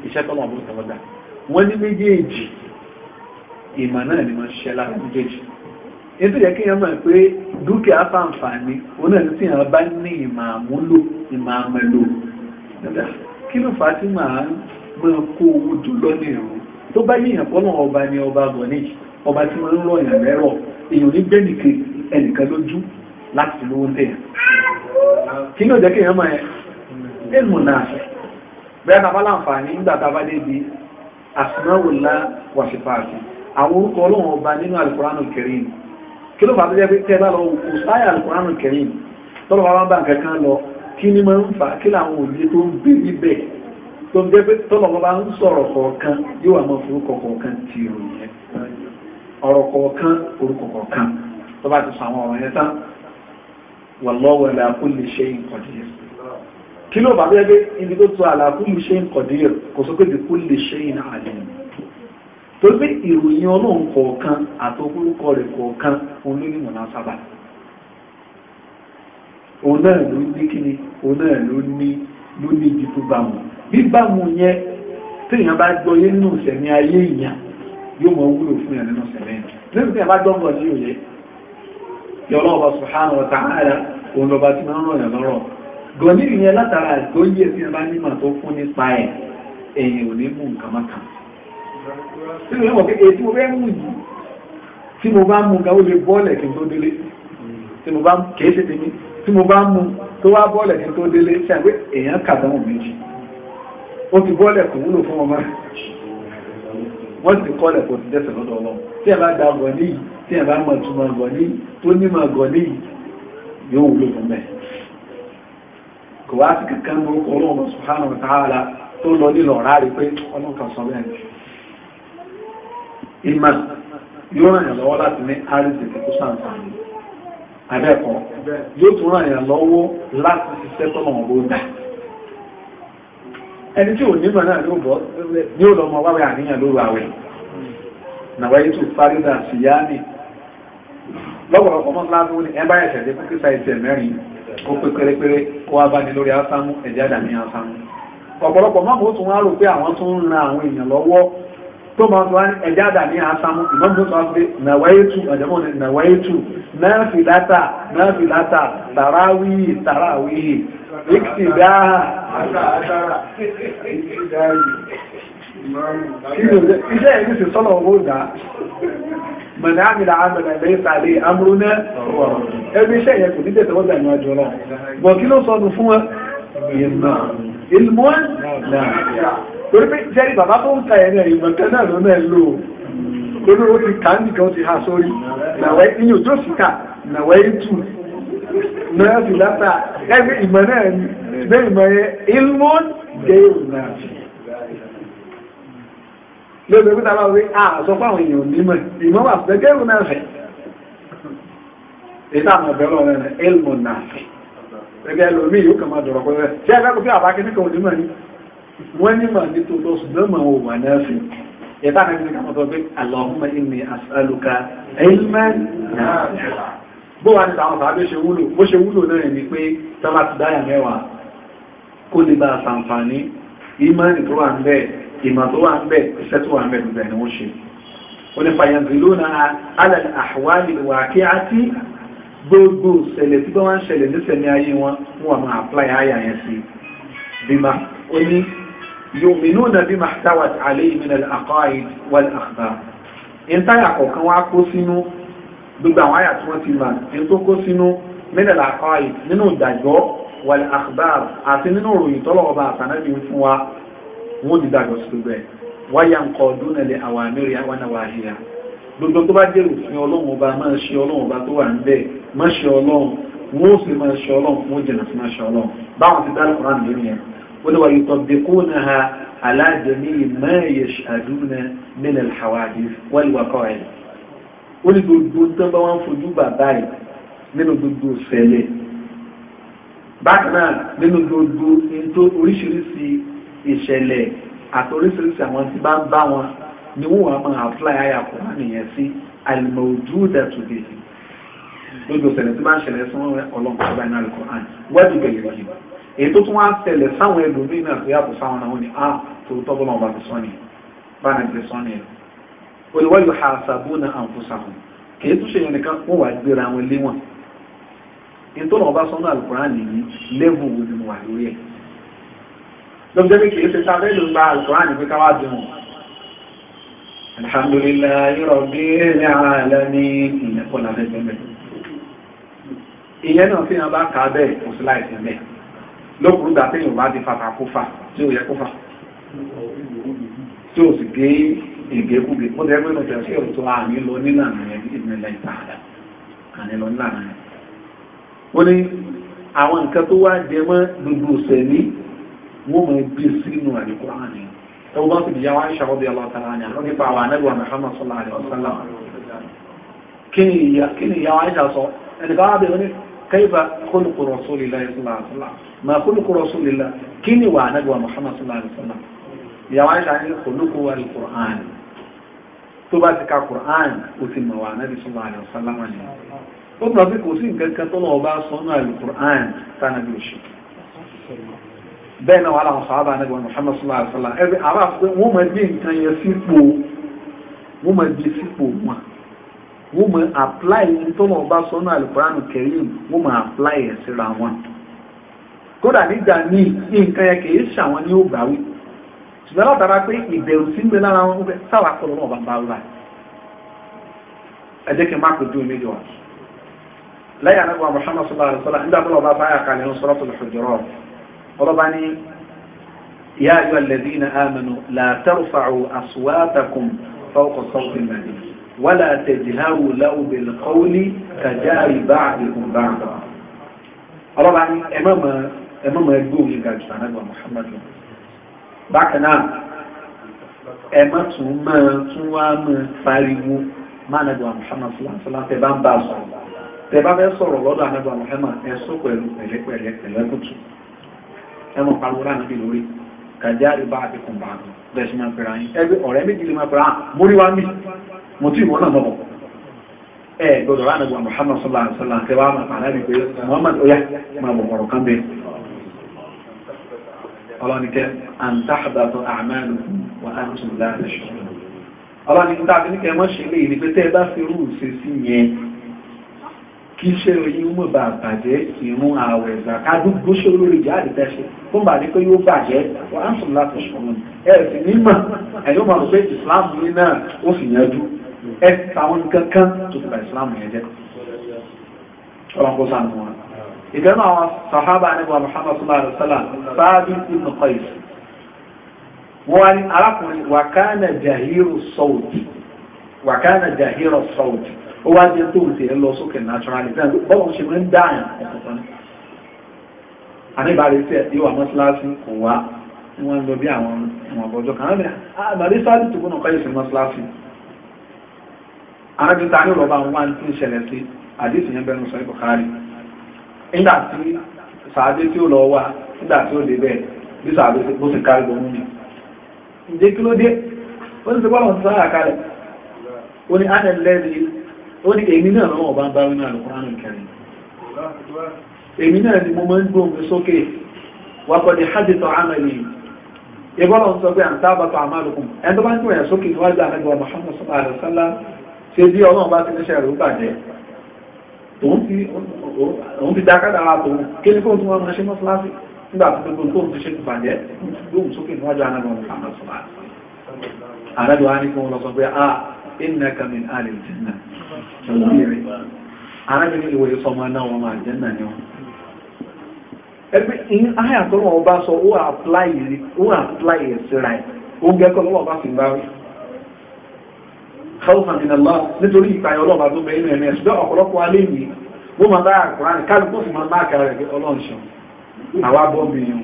iṣẹ́ tó lọ́wọ́ bó sọ̀rọ̀dà wọ́n ní méjèèjì ìmọ̀ náà ni wọ́n ṣiṣẹ́ lára méjèèjì nítorí yẹ kí ló fà á ti máa ń máa kó owó jùlọ ní ìrún tó bá yíyàn fọ́nà ọba ni ọba gọ̀nìj ọba tí wọ́n ń rọ èèyàn lẹ́rọ̀ èèyàn ní gbẹ́nìkè ẹnìkan lójú láti lówó tẹ̀yàn kí ló jẹ́ kí èèyàn máa ẹ̀ mú náà bẹ́ẹ̀ tá a bá láǹfààní nígbà tá a bá dé bi àsìmáwòlá wàṣípààtì àwọn orúkọ ọlọ́run ọba nínú alukóránù kẹrin kí ló fà tó jẹ́ pé tẹ́ bá lọ kò sáyà alukóránù kẹrin tọ́lọ́ bá bá nǹkan kan lọ kí ni máa ń fà kí làwọn òye tó ń gbé níbẹ̀ tó ń jẹ́ pé tọ́lọ̀kọ́ bá ń sọ̀rọ̀ kọ̀ọ̀kan yóò àmọ́ forúkọ kọ̀ọ̀kan ti ìròyìn ọ̀rọ̀ kọ̀ọ̀kan orúkọ kọ̀ọ̀kan tó ala kulli shay'in qadir kí ló bá alim torí pé ìròyìn ọlọ́run kọ̀ọ̀kan àtọ́kùrúkọ rẹ̀ kọ̀ọ̀kan òun ló ní mọ̀nà sábà òun náà ló ní kíni òun náà ló ní ló tó bá wọn bíbámu yẹn tí èèyàn bá gbọ́ yé nínú ìsẹ̀mí ayé èèyàn yóò mọ wúlò fún yàn nínú ìsẹ̀mí nínú tí èèyàn bá gbọ́ngọ̀ sí òye yọ̀rọ̀ ọba subhanahu wa ta'ala òun lọba tí máa ń ràn yàn lọ́rọ̀ gọ̀ọ́nì ìyẹn látara àgbóyè tí èèyàn bá nímọ̀ tó fún nípa ẹ̀ èèyàn ò ní mú nǹkan mọ́kàn tí mo mọ̀ pé èyí tí mo fẹ́ mú yìí tí mo bá mú nǹkan ó lè bọ́ọ̀lẹ̀ kí n tó délé tí mo bá kèé ṣe tèmi tí mo bá mú tó wá bọ́ọ̀lẹ̀ kí n tó délé ṣàgbé èèyàn kàdánwò méjì ó ti bọ́lẹ̀ kò wúlò fún ọmọ wọ́n ti kọ́lẹ̀ kò ti dẹ́sẹ̀ lọ́dọ̀ ọlọ́run tí ẹ̀ bá da gọ̀ọ́lì tí ẹ̀ bá mọ̀ túmọ̀ gọ̀ọ́lì tó nímọ̀ gọ̀ọ́lì yóò wúlò fún mẹ́ kò wá sí kankan ní orúkọ ọlọ́run subhanahu wa ta'ala tó lọ nílò ọ̀rá rí pé ọlọ́run kan sọ bẹ́ẹ̀ ìmọ̀ yóò ràn yàn lọ́wọ́ láti ní àrídìí tó sàǹfààní abẹ́ẹ̀kọ́ yóò tún ràn yàn lọ́wọ́ láti ṣiṣẹ́ tọ́nà ọ̀rọ̀ dà ẹni tí ò nígbà náà ló bọ́ ní ó lọ mọ wáwẹ́ àníyàn lóru àwẹ̀ nàwáyé tó parí náà sì yá ni lọ́pọ̀lọpọ̀ mọ́ láàbù ni ẹ bá yẹ fún kíkà ẹsẹ̀ mẹ́rin ó pé pérépéré ó wá bá ní lórí ásámú ẹ̀jẹ̀ àdàmí ásámú ọ̀pọ̀lọpọ̀ tó máa sọ wáyé ẹ̀já dàní àsámú ìmọ̀gbọ́n sọ pé nàwáyétù ẹ̀dẹ̀mọ́ ni nàwáyétù náfìlátà náfìlátà tàràwíyì tàràwíyì ìkìdáhà iṣẹ́ ẹ̀rí sì sọ́lọ̀ owó dá mọ̀nà àmìlà àmìlà ilẹ̀ ìsàlẹ̀ amúrú náà ẹbí iṣẹ́ ìyẹn kò ní tẹ̀sẹ̀ wọ́n dàní ọjọ́ lọ bọ̀ kí ló sọnù fún ẹ ìmọ̀ ìlmọ́ torí pé jẹ́rìí bàbá tó ń ta ẹ̀rọ ìgbọ̀n kan náà lọ́nà ẹ̀ lò ó lórí ó ti kà á nìkan ó ti há sórí nàwẹ́ iyùn tó sì kà nàwẹ́ ìtù náà sì látà ẹgbẹ́ ìmọ̀ náà ni ṣùgbọ́n ìmọ̀ yẹn ilmọ́n dé ìrùnà lórí ẹgbẹ́ tábà wí àṣọ fáwọn èèyàn nímọ̀ ìmọ̀ wà fún ẹgbẹ́ ìrùnà fẹ̀ èyí táwọn ọ̀bẹ lọ́rẹ̀ rẹ̀ ilmọ̀ náà fẹ̀ ẹgbẹ́ ẹlòmíì yóò kàn máa dọ̀rọ̀ pẹ́rẹ́ ṣé ẹgbẹ́ kò fi àbákẹ́ wọ́n ní màá ní tó tọ́ ṣùgbọ́n màá wò wà náà fi ẹ̀bá náà ní káwọn sọ pé Allahumma inni as'aluka ilman nafi'a bó wà ní àwọn sàábé ṣe wúlò bó ṣe wúlò náà ni pé tọ́lá ti dáyà mẹ́wàá kó lè bá àṣàǹfààní ìmánì tó wà ń bẹ̀ ìmọ̀ tó wà ń bẹ̀ iṣẹ́ tó wà ń bẹ̀ níbẹ̀ ni wọ́n ṣe wọ́n gbogbo ṣẹlẹ̀ tí wọ́n ń ṣẹlẹ̀ nísẹ̀mí ayé wọn wọ́n máa apply àyà yẹn sí bímá ó ní yòmínúnà bí màtáwà àlẹ́ ìmìnà àkọ́àì wọ́n àgbà ìntàyà kọ̀ọ̀kan wá kó sínú gbogbo àwọn àyà tí wọ́n ti mà ní tó kó sínú mìnà àkọ́àì nínú ìdàjọ́ wọ́n àgbà àti nínú òròyìn tọ́lọ́ọ̀bà àtànábì ń fún wa wọ́n ti dàjọ́ sí gbogbo ẹ̀ wáyà ń kọ́ ọdún nílẹ̀ àwọn àmìrì àwọn àwọn àhìyà gbogbo tó bá dèrò fún ọlọ́run ọba máa ṣe ọlọ́run ọba tó wà níbẹ̀ máa ṣe ọlọ́run wọ́n ó sì máa ṣe ọlọ́run wọ́n jìnnà sí máa ṣe ọlọ́run báwọn ti dá lọ́kùnrin àmì lónìí olùwà yutabbiqunaha ala jami'i ma yash'aduna min al-hawadith wal waqa'i ó ní gbogbo tó bá wọn fojú bàbá yìí nínú gbogbo ṣẹlẹ̀ bákan náà nínú gbogbo ètò oríṣiríṣi ìṣẹ̀lẹ̀ àti oríṣiríṣi àwọn tí bá ń bá wọn ni wọn wàá máa apply àyà kùnà nìyẹn sí al-mawjudatu bihi gbogbo ṣẹlẹ̀ tí bá ń ṣẹlẹ̀ sí wọn ọlọ́run tó bá ní al-Qur'an wọ́n ti bẹ̀rẹ̀ yìí èyí tó tún wá ń ṣẹlẹ̀ sáwọn ẹlòmíì náà tó yàtọ̀ sáwọn náà wọ́n ni a ah, tó tọ́gbọ́n náà bá ti sọ nìyẹn bá náà ti sọ nìyẹn olùwáyò ha àṣàbò náà àǹfò sàwọn kìí tún ṣe yẹn nìkan wọ́n wà gbéra wọn léwọ̀n èyí tó náà bá sọ náà alukóra nìyí lẹ́bù wo ni mo wà lórí ẹ̀ lọ́jọ́ pé kìí ṣe sábẹ́ ló gba alukóra nìyí ká wá dùn wọn. alhamdulilayi rabbil alamin ìyẹn náà fi hàn bá kà á bẹ́ẹ̀ kò sí láì lókùrú gbà téèyàn bá ti fàfà kó fà tí ò yẹ kó fà tí ò sì gé ìgbékúgbé kó tẹ́ pé mo tẹ̀ sí ọ̀tọ̀ àmì lọ nílànà yẹn ìmẹ̀lẹ̀ ìtàdà àmì lọ nílànà yẹn. ó ní àwọn nǹkan tó wá jẹ mọ́ gbogbo sẹ́ni wọ́n mọ̀ bí sínú àdìkú àná ẹ̀wọ́n bá ti di yàwá Aisha radiyallahu ta'ala anha lọ́ọ́ nípa àwọn anábì wa Muhammad sallallahu alaihi kí ni ìyàwó Aisha sọ ma kuluku rasulillah kini wa anabi wa muhammad sallallahu alaihi wasallam ìyàwó aisha ni kuluku wa alukur'an tó bá ti ka kur'an o ti mọ̀ wa anabi sallallahu alaihi wasallam ni ó tún àfi kò sí nǹkan kan tó lọ́wọ́ bá sọ ní alukur'an sanabi oṣù bẹ́ẹ̀ náà wàhálà wọn sọ̀rọ̀ anabi wa muhammad sallallahu alaihi wasallam ẹbí àwọn àfẹ́ wọn máa gbé nǹkan yẹn sípò wọn máa gbé sípò wọn wọn máa apply tó lọ́wọ́ bá sọ ní alukur'an kẹrin wọn máa apply ẹ̀ síra wọn kódà nígbà míì nǹkan yẹn kìí ṣàwọn ní ó gbàwí ṣùgbọ́n látara pé ìbẹ̀rù sí ń bẹ lára wọn fẹ́ sáwà kọlọ́ náà bàbá wa ẹ jẹ́ kí n má kojú méjì wa lẹ́yìn anábọ̀ Muhammad sallallahu alaihi wasallam nígbà tó lọ́ba bá yà kalẹ̀ ní Suratul Hujurat ọlọ́ba ní ya ayyuhal ladhina amanu la tarfa'u aswatakum fawqa sawti an ولا تجهروا له بالقول كجار بعضكم بعضا. ọlọ́ba ní ẹ mọ́ mọ́ ẹgbẹ́ òye ga jù ànágbà Muhammad lọ. bákan náà ẹ má tún máa tún wá máa pariwo má ànágbà Muhammad síláńsílá tẹ bá ń bá a sọ̀rọ̀ tẹ bá fẹ́ sọ̀rọ̀ lọ́dọ̀ ànágbà Muhammad ẹ sọ pẹ̀lú pẹ̀lẹ́pẹ̀lẹ́ pẹ̀lẹ́kùtù ẹ mọ̀ pariwo lánàá bí lórí kàjá ìbá àbíkùn bá a lọ bẹ́ẹ̀ sì máa pẹ̀lú ayé ẹgbẹ́ ọ̀rẹ́ méjì lè máa pẹ̀lú ayé mórí wá mí mo tí ìwọ náà mọ̀ ẹ gbọdọ̀ lánàá bí Muhammad sallallahu alaihi wasallam tẹ bá máa pàdánù pé Muhammad ọ̀yá máa bọ̀ ọ̀rọ̀ kan bẹ́ẹ̀ ọlọ́nikẹ́ àǹtàdàtọ̀ àmàlù wà á tún láàrín ṣùgbọ́n ọlọ́nikẹ́ tàbí ní kẹmọ́ ṣe lè ní pé tẹ́ bá fi rú ṣe sí yẹn kí ṣe oyún mọ̀ bá bàjẹ́ ìrún ààwẹ̀ ìzàkádúgbò ṣe olórí jáde tẹ́ṣe fún bàjẹ́ pé yóò ní náà ó sì yanjú tàwọn nǹkan kan tó ti bà ìsìláàmù yẹn jẹ́ ọlọ́nkọ́ sáà nù wọn ìgbẹ́nu àwọn sàhábà nígbà Muhammad sallallahu alaihi wasallam sáábì ibn Qais wọ́n ní arákùnrin wàkánà jahiru sọ́ọ̀tì wàkánà jahiru sọ́ọ̀tì ó wá jẹ́ tó ń tè é lọ sókè naturally bẹ́ẹ̀ bọ́ọ̀ ṣe máa ń dá àyàn ọ̀tọ̀tọ̀ ni àníbàárẹ̀ tẹ̀ yóò wà mọ́ṣáláṣí kò wá ni wọ́n ń lọ bí àwọn ìwọ̀n ọ̀bọ̀jọ́ kan náà àbàdé sáájú tó gbọ́nà kọ́yẹ̀sì mọ́ṣáláṣí arábìnrin ta ni ọ̀rọ̀ wọn wá ní nígbà tí sàádé tí ó lọ wà nígbà tí ó dé bẹ́ẹ̀ bí sàádé bó sì kárí lọ nínú ǹjẹ́ kí ló dé ó sára kalẹ̀ ó ní ánẹ̀ ó ní èmi náà lọ́wọ́ ń bá kẹrin èmi náà ni mo máa ń gbóhùn mi sókè wakọ̀dì hajjitọ̀ amẹ́lì ìbọ́lọ̀ ń sọ pé àǹtá àbàtọ̀ àmàlùkùn ẹni tó bá ń gbóhùn sókè níwájú òun ti òun ti dákàdà ara tòun kéde kóun tí wọ́n máa ṣe mọ́ṣáláṣí nígbà tó gbogbo tóun ti ṣe ti bàjẹ́ lóhùn sókè níwájú anábọ̀ àmọ́ sọ̀rọ̀ anábọ̀ á ní a ìnà kàmí àlè jẹ́nà ṣọlọ́ọ̀rẹ́ arábìnrin ìwòye sọmọ náà wọn máa jẹ́nà sọ kọ́wọ́fà mi nàlá nítorí ìpayọ̀ ọlọ́ọ̀bà tó bẹ̀rẹ̀ ẹ̀mẹ́ ṣùgbọ́n ọ̀pọ̀lọpọ̀ alẹ́ mi wọ́n máa bá àkùrán kálukú sì máa máa kàrẹ̀ pé ọlọ́run ṣeun àwa bọ́ mi yẹn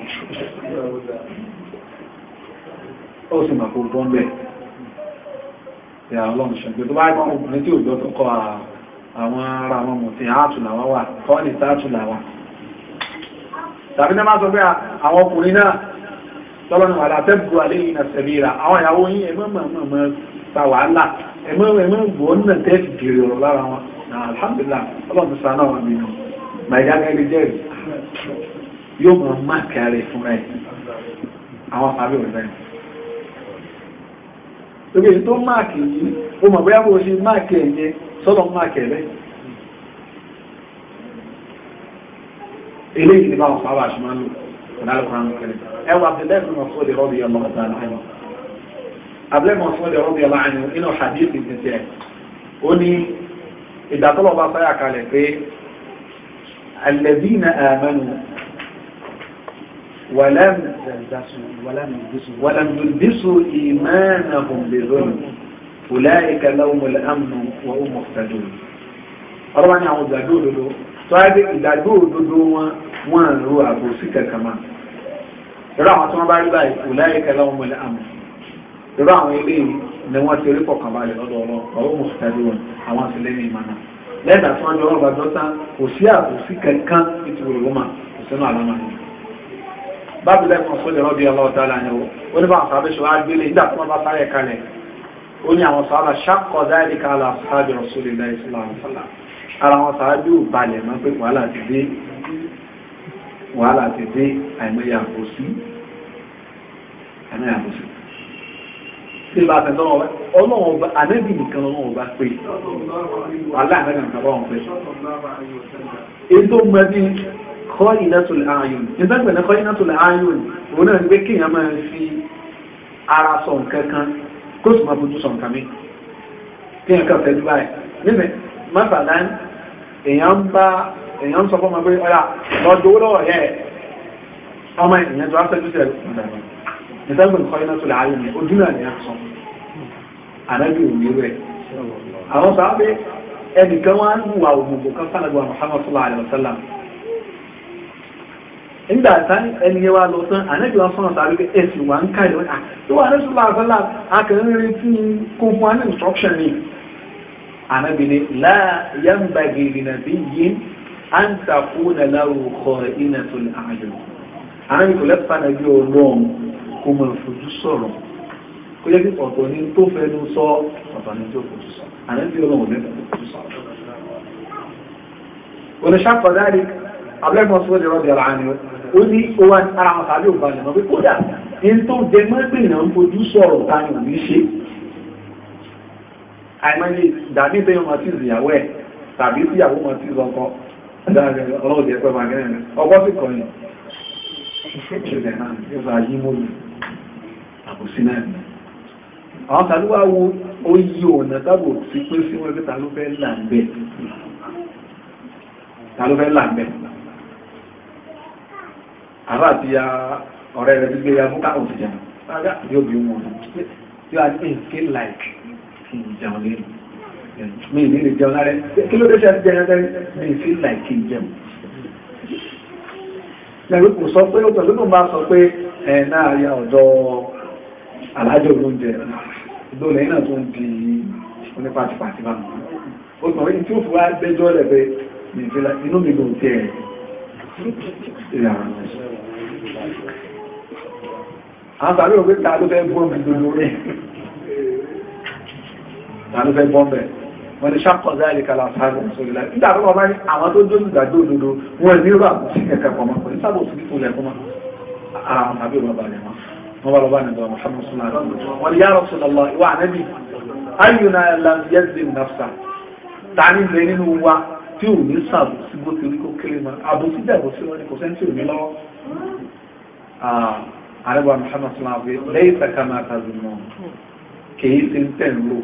ó sì máa kó bọ́ mbẹ́ ìyá ọlọ́run ṣeun pé tó bá gbọ́n obìnrin tí òjò tó kọ àwọn ará àwọn mọ̀tí àtúnlàwá wà kọ́ọ̀lì tààtúnlàwá tàbí náà máa àwọn ìyàwó yín ẹ̀mọ́ mọ̀ mọ̀ mọ̀ ta wàhálà ẹ̀mọ́ ẹ̀mọ́ gbòón náà tẹ́ fi kiri ọ̀rọ̀ lára wọn náà alhamdulillah ọlọ́run sànà wà mí nù màìdá gẹ́gẹ́ jẹ́rì yóò mọ̀ má kẹ́rẹ́ fúnra ẹ̀ àwọn àbí ọ̀rẹ́ ẹ̀ lókè tó máàkì yìí ó mọ̀ bóyá bó ṣe máàkì ẹ̀ yẹ sọ́lọ́ máàkì ẹ̀ lẹ́yìn abúlé mọ̀sán lè rọ́bì ọlá àyàn inú hadith ti tiẹ̀ ó ní ìdàtọ́lọ̀ bá sáyà kalẹ̀ pé alladhina amanu walam yulbisu imanahum bizulm ulaika lahumul amnu wa hum muhtadun ọ̀rọ̀ wọn ni àwọn ìgbàgbọ́ òdodo tó á dé ìgbàgbọ́ òdodo wọn wọn ro àbòsí kankan mọ́ ìrọ̀ àwọn tí wọ́n bá rí báyìí ulaika lahumul amnu irú àwọn eléyìí ni wọ́n ti rí kọ̀ọ̀kan balẹ̀ lọ́dọ̀ ọlọ́run mọ̀ tẹ́lẹ̀ wọn àwọn àtìlẹ́ ní ìmọ̀nà lẹ́ẹ̀dá tí wọ́n jọ ọlọ́run gbàgbọ́ tán kò sí àbòsí kankan nítorí wọ́n mà kò sínú àlámà ni. bábìlẹ̀ kan sọ́jà rọ́bì ọlọ́run tààlà ni ó ó ní bá àwọn sábẹ́ ṣe wá gbélé nígbà tí wọ́n bá sáré kalẹ̀ ó ní àwọn sábà ṣàkọ́ dáìlì kálá sábẹ́ ṣe bá tẹ̀ lọ́wọ́ ọlọ́wọ́ ọba ànábì nìkan lọ́wọ́ ọba pé aláàbẹ̀ nìkan bá wọn pé. ètò mẹ́bí kọ́ ìlẹ́tòlẹ̀ ààyùn ìtàgbẹ̀ ní kọ́ ìlẹ́tòlẹ̀ ààyùn òun náà ní pé kéèyàn máa fi ara sọ nǹkan kan kó sì máa bójú sọ nǹkan mi kéèyàn bá èèyàn sọ fún pé ọ̀yà lọ́dọ̀ owó lọ́wọ́ yẹ ọmọ èèyàn tó á fẹ́ ìtẹ́gbẹ̀ nǹkan iná tó lè ayé mi ojú náà ni a sọ ànábì òní rẹ̀ àwọn sábẹ́ ẹnìkan wá ń wà òmùgbò kan sálàgbà Muhammad sallallahu alaihi wasallam nígbà tán ẹni wa lọ tán ànábì wa sọ̀rọ̀ sábẹ́ pé ẹ̀sìn wa ń ká ìwé à tó wà lẹ́sùn bá àfẹ́lá akẹ́rin rẹ̀ tí kò fún wa ní instruction ni ànábì ni láà yàmbá gèrè nàbí yìí à ń takùn náà láwùkọ ìnàtò àjò ànábì kò lẹ́sùn kó mọ̀ fojú sọ̀rọ̀ kó yẹ kí ọ̀tọ̀ ni tó fẹnu sọ ọ̀tọ̀ ni tó fojú sọ àná bí ọlọ́run mẹ́ta tó fojú sọ. oníṣà pàdánì abẹ́gbọ́n sọ́ọ́ lẹ́rọ̀ di ara ni ó ní owó ara wọn tàbí òun balẹ̀ mọ́ pé kódà ní tó jẹ mọ́gbìn náà ń fojú sọ̀rọ̀ ta ni òun ṣe. àìmọye dàbí ìtẹ́yìn ọmọ tí ìyàwó ẹ̀ tàbí ìyàwó ọmọ tí ìzọkọ ọlọ́run jẹ́ pẹ́ máa gẹ́rẹ́ ọkọ sì kọ́ yìí àbòsí náà ni àwọn tàbí wá wo ó yí ọ̀nà tábò sí pé sí wọn pé ta ló fẹ́ là ń bẹ̀ ta ló fẹ́ là ń bẹ̀ àrà àti ọ̀rẹ́ rẹ̀ gbígbé ya fún káwọn ti jẹun yóò bí wọn yóò àti nǹkan like kí n jẹun lé mi ní lè jẹun lára kí ló dé ṣe àti jẹun lára mi feel like kí n jẹun lẹ́yìn kò sọ pé ó tọ̀ lónìí máa sọ pé ẹ̀ náà ya ọ̀dọ́ alájọ olóúnjẹ lónìí náà tó ń di onípàtìpàtì bá wọn ó sọ wípé tí ó fi wá gbẹ́jọ́ rẹ̀ pé nìjọba inú mi lòún tiẹ̀ ìlànà àwọn tàbí òwe ta ló fẹ́ bọ́ọ̀mù lónìí rẹ̀ ta ló fẹ́ bọ́ọ̀mù rẹ̀ wọ́n ti ṣàkọsí àyíkàlà sáàbù sórí láti nígbà tó kọ́mọ́ ní àwọn tó dóni ìgbàdo òdodo wọn ní rà sí kẹ̀kẹ́ pọ̀ mọ́ pẹ̀lú sábò sí kíkún lẹ́kún mọ́ àwọn àbí òun bá lẹ̀ mọ́ wọ́n bá lọ bá nìgbà Muhammad sallallahu alaihi wasallam wọ́n yá Rasulullah ìwà ànábì ayùnà lam yazlim nafsa tani lè nínú wa tí ò ní sàbò sí bó ti rí kó kéré ma àbòsí dàbò sí wọn ni kò sẹ́ńtì ò ní lọ́wọ́ àrẹ́bà Muhammad sallallahu alaihi wasallam lẹ́yìn sàkánà àtàzùmọ̀ kèyí ti ń tẹ̀ ń lò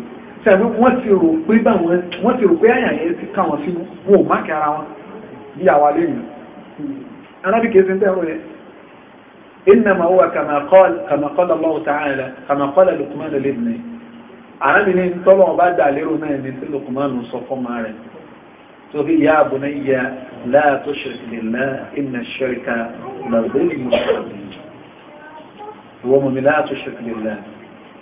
sẹ́mi wọ́n ti rò pé báwọn wọ́n ti rò pé àyàn yẹn ti káwọn sínú wọn ò má kí ara wọn bí àwa lè yàn arábìkẹ́ ti ń tẹ̀ ń lò yẹn. إنما هو كما قال كما قال الله تعالى كما قال لقمان لابنه arábìnrin tọ́lọ̀ ọba dà lérò náà ní tí Luqman sọ fọ́mà rẹ̀ torí ya bunayya la tushrik billah inna ash-shirka la dhulmun adheem ìwọ́n mọ̀mí la tushrik billah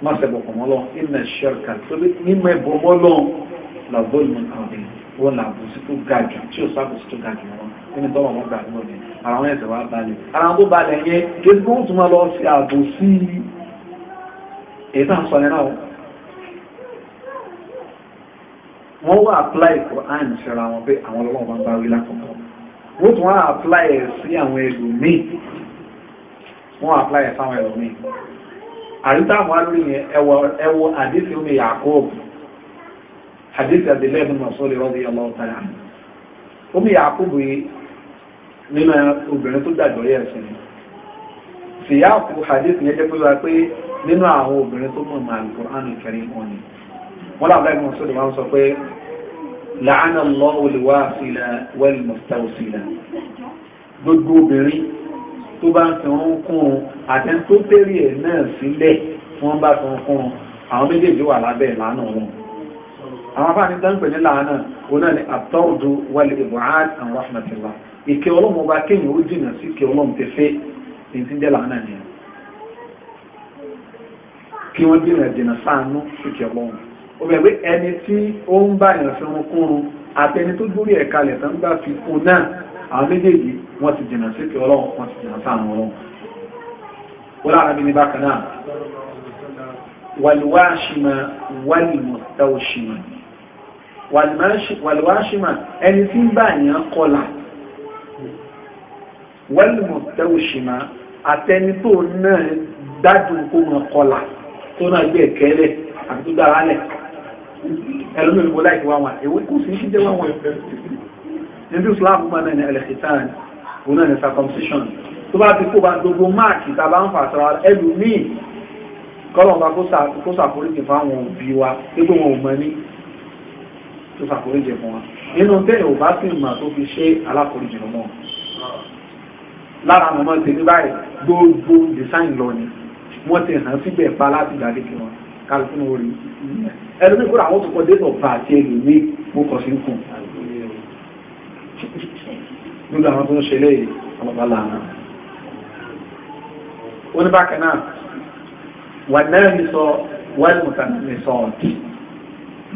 má ṣe bọ̀ pọ̀ mọ́lọ́ inna ash-shirka torí mímọ̀ ẹ̀bọ̀ mọ́lọ́ la dhulmun adheem wọn na bùsí tó ga jù tí ò sábùsí tó ga jù wọn nínú tọ́wọ́ wọn gbà ní ọ̀dẹ ara wọn ẹ̀sẹ̀ wá balẹ̀ ara wọn tó balẹ̀ yẹn kéde kó tún máa lọ sí ààbò sí èyí tá à ń sọ yẹn náà wọ́n wá apply Quran ṣẹra wọn pé àwọn ọlọ́wọ́ máa ń bá wí lákòókò wọ́n tún wá apply ẹ̀ sí àwọn ẹlòmíì wọ́n apply ẹ̀ sáwọn ẹlòmíì àríntàwọn alóyìn ẹwọ àdéhùn mi umm Yakob hadith abdullahi bin masoori radiyallahu ta'ala anhu omi yaakubu yìí nínú obìnrin tó gbàgbọ́ yẹ ẹ̀sìn síyáàkú hadith yẹn jẹ́ pé wá pé nínú àwọn obìnrin tó mọ̀ mọ́ alukur'an karim wọn ni wọn làbẹ́ ẹ̀gbọ́n sọ́dọ̀ wọn sọ pé la'ana Allahu al-wasila wal-mustawsila gbogbo obìnrin tó bá ń fi wọn kún àtẹn tó bẹ̀rẹ̀ náà sílẹ̀ tí wọ́n bá fi wọn àwọn méjèèjì wà lábẹ́ ìlànà wọn àwọn afá ní dáńpẹ̀ ní làánà oná ni àtọ́ọ̀dù wàlẹ̀ ìbùhán àwọn rahmatulá ìkẹ́ ọlọ́mọ ọba kéèyàn ó jìnà sí ìkẹ́ ọlọ́mọ tẹ́fẹ́ èyí tí ń jẹ́ làánà ni kí wọ́n jìnà jìnà sáànú ìkẹ́ ọlọ́mọ ọbẹ̀ pé ẹni tí ó ń bá èèyàn fi wọn kúrun àtẹni tó dórí ẹ̀ka lẹ̀ tó ń gbà fi kún náà àwọn méjèèjì wọ́n ti jìnà sí ìkẹ́ ọlọ́mọ wọ́n ti jìnà sáànú ọlọ́mọ wàlúwàṣímà ẹni tí ń bá àyàn kọlà wàlúmọ̀tẹ́wòṣìmà àtẹni tó náà gbádùn kó wọn kọlà tó náà gbé ẹ̀kẹ́ lẹ̀ àti tó dára lẹ̀ ẹlòmíràn ìwọ láìpẹ́ wá wọn èwo kò sí ní jẹ́ wọn wọn ẹ̀fẹ́ nínú Islam mọ́ náà ní ẹlẹ́kìtàn òun náà ní circumcision tó bá ti kó ba gbogbo máàkì tá ń fà ẹlòmíì kọ́lọ̀ bá kó sàkóríkì fáwọn òbí wa pé wọn ò mọ ní tó ṣàforíjì fún wa nínú tẹ́yìn ò bá sì mà tó fi ṣe aláforíjì lọ́mọ́ lára àwọn ọmọ tèmi báyìí gbogbo design lọ ni wọ́n ti hàn síbẹ̀ pa láti gbàdé kí wọn kálukú ní orí ẹni bí kúrò àwọn tó kọ dẹ́tọ̀ bá àti ẹlòmíì mo kọ̀ sí ń kùn gbogbo àwọn tó ń ṣe léyìí ọlọ́pàá làánà oníbàkan náà wà náà ní sọ wẹ́ẹ̀lì mùtàmí sọ ọ̀dì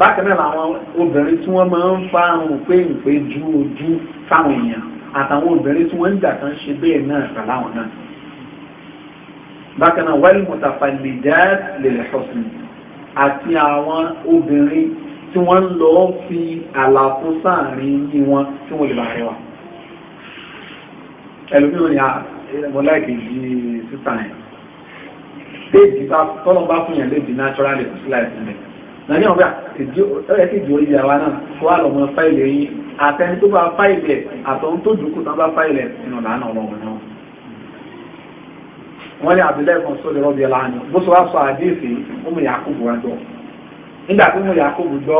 bákan náà làwọn obìnrin tí wọ́n máa ń fa àrùn pé ìpè ju ojú fáwọn èèyàn àtàwọn obìnrin tí wọ́n ń jà kan ṣe bẹ́ẹ̀ náà pẹ̀lú àwọn náà. bákan náà wal mutafallidat lil husn àti àwọn obìnrin tí wọ́n ń lọ fi àlàfo sáàrin ní wọn tí wọ́n lè bá rẹwà. ẹlòmíràn ni àmọ́láìkì ah, yìí sísàn yẹn. déèdì bá tọ́lọ́ bá fún yẹn léèdì naturally kò sí láì sí mẹ́ta nàní ọ̀gbà ẹ̀yẹ ti di orí àwa náà kó wà lọ́mọ fáìlì yín àtẹni tó bá fáìlì ẹ̀ àtọ̀hún tó dùkú tán bá fáìlì ẹ̀ nínú làánà ọlọ́run náà. wọ́n ní Abdullahi kan sọ́dọ̀ rọ́bì ẹ̀ láàánú bó sọ wá sọ àdéhìsì ọmọ Yakubu wa jọ nígbà tí ọmọ Yakubu jọ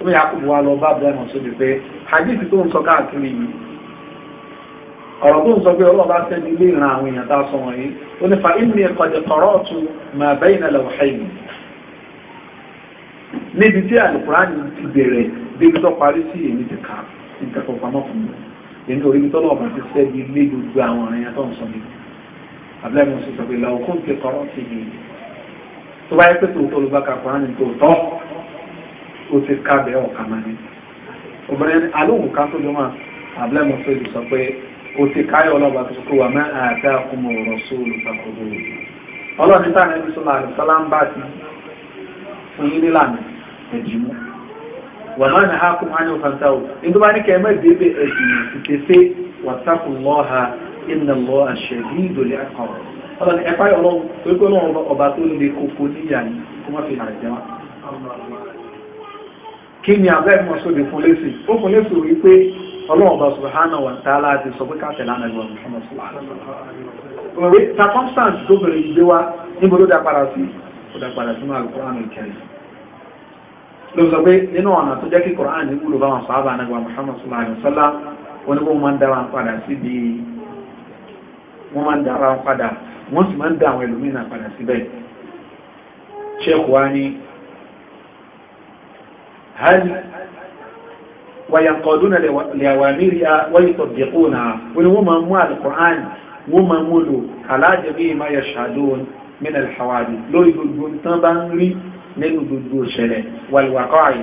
ọmọ Yakubu wa lọ bá Abdullahi kan sọ́dọ̀ pé àdéhìsì tó ń sọ káàkiri yìí ọ̀rọ̀ tó ń sọ pé ọlọ́run sẹ́ni ilé ìran àwọn èèyàn tá a sọ wọ̀nyí ó ní fa ìmìnira kọjá tọ̀rọ̀ ọ̀tún màá bẹ́yìn náà lọ́wọ́ níbi tí àlùkùránì ti bẹ̀rẹ̀ débi tó parí sí èmi ti kà nǹkan kan pamọ́ fún mi nínú orí tó lọ́ọ̀bà ti sẹ́bi ilé gbogbo àwọn ọ̀rẹ́ yẹn tó ń sọ mi abúlé mi sọ pé làwọn kò ń ké kọ́rọ́ sí mi tó bá yẹ pé tòótọ́ ló bá ka kùránì tòótọ́ ó ti ká bẹ́ẹ̀ ọ̀kà máa ní obìnrin alóhùn ká tó ló máa abúlé mi sọ pé ó ti káyọ̀ ọlọ́ọ̀bà tó sọ wà má àdá kùmọ̀ rọ̀ sóòlù pàkó fún yín nílànà ẹ̀dì mú wà máa nà ha kún hàn ní òfàǹtà o nítorí wọn ní kẹ́ ẹ má dé bẹ ẹ̀sìn ìtẹ̀sẹ̀ wàtàkùn lọ́ha iná lọ́ àṣẹ ní ìdòlẹ́ ẹ̀kọ́ ọ̀rọ̀ ni ẹ̀fáyọ̀ ọlọ́run torí pé ọlọ́run ọba tó lè koko níyà ni kó má fi hàn jẹ́ kí ni abẹ́ mọ̀ sóde fún lẹ́sì ó fún lẹ́sì rí pé ọlọ́run ọba subhanahu wa ta'ala ti sọ pé káàtẹ̀ lánàá ìwà mùsùlùmí. òwe circumstance tó bẹ̀rẹ̀ ìgbé wa níbo ló dá padà sí ó dá padà sínú alukur'an kẹrin ló sọ pé nínú ọ̀nà tó jẹ́ kí kur'an ní wúlò báwọn sàábà anagba muhammad sallallahu alayhi wa sallam wọn ni wọn máa ń dá wọn padà síbi wọn máa ń dá wọn padà wọn sì máa ń dá àwọn ẹlòmíràn padà síbẹ̀ sheikh wa ni hali wayankọduna liawamiriya wayitabdiquna wọn ni wọn máa mú alukur'an wọn máa mú lò alájẹbí ma yashadun min al-hawadith lórí gbogbo tán bá ń rí nínú gbogbo ìṣẹ̀lẹ̀ wal-waqa'i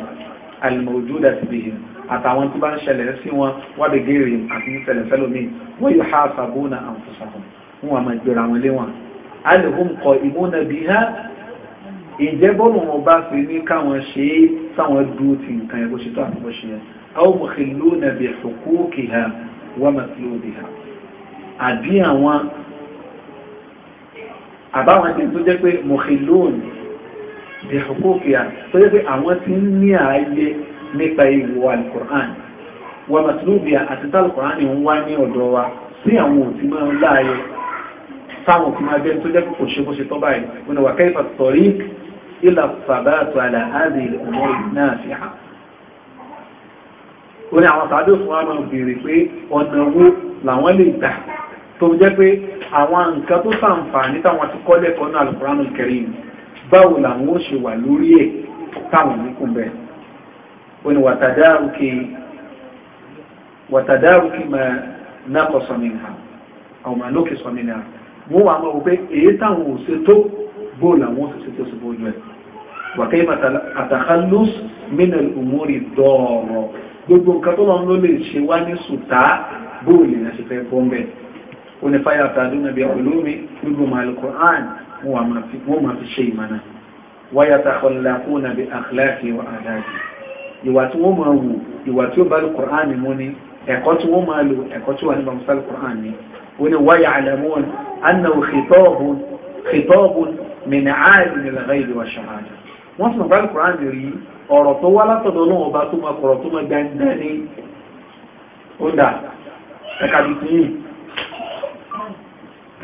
al-mawjudati bihim àtàwọn tí bá ń ṣẹlẹ̀ sí wọn wábi gèrè àti ìṣẹ̀lẹ̀ sẹ́lómi wọ́n yuhasabuna anfusahum wọn àmọ́ ìgbèrè àwọn ilé wọn. hal hum qa'imuna biha ìjẹ́ bọ́ọ̀lù wọn bá fi ní káwọn ṣe é sáwọn dúró ti nǹkan ẹ̀kọ́ ṣe tó àti ṣe yẹn. aw mukhilluna bi huquqiha wa matlubiha àbí àwọn àbáwọn tí tó jẹ́ pé mohilon bihukukiya tó jẹ́ pé àwọn tí ń ní ààyè nípa ìwò alukur'an wa matulubia àti talukur'an ń wá ní ọ̀dọ̀ wa sí àwọn òtí máa ń láàyè táwọn òtí máa jẹ́ tó jẹ́ pé kò ṣe bó ṣe tọ́ báyìí wọn ni wà kayfa tó jẹ́ pé àwọn nǹkan tó sàǹfààní táwọn ti kọ́ lẹ́kọ̀ọ́ náà Al-Qur'an Al-Karim báwo làwọn ó ṣe wà lórí ẹ̀ táwọn níkùn bẹ́ẹ̀ ó ní wàtàdáàrúkì wàtàdáàrúkì máa nàkọ̀ sọ̀mìnà àwọn máa lókè sọ̀mìnà wọ́n wà máa wò pé èyí táwọn ò ṣe tó bó làwọn ó ṣe tó ṣe bójú ẹ̀ wàkẹ́ àtàkálùs mínà òmórì dọ̀ọ̀rọ̀ gbogbo nǹkan tó lọ́n ló lè ṣe wá ní sùtá bó lè ṣe fẹ́ bọ́ńbẹ́ẹ̀ onífàyà tàdúnà bí olómi gbogbo alukur'an wọ́n máa fi ṣe ìmọ̀nà wáyà tàkọlá kóna bí àkìláàkì wà àdáàkì ìwà tí wọ́n máa wù ìwà tí ó bá alukur'an mú ni ẹ̀kọ́ tí wọ́n máa lò ẹ̀kọ́ tí wà ní bàmúsá alukur'an ni wọ́n ni wáyà àlẹ́mọ́n annáwó xitọ́ọ̀bùn mìnàáàlì nílẹ̀ ìlú wa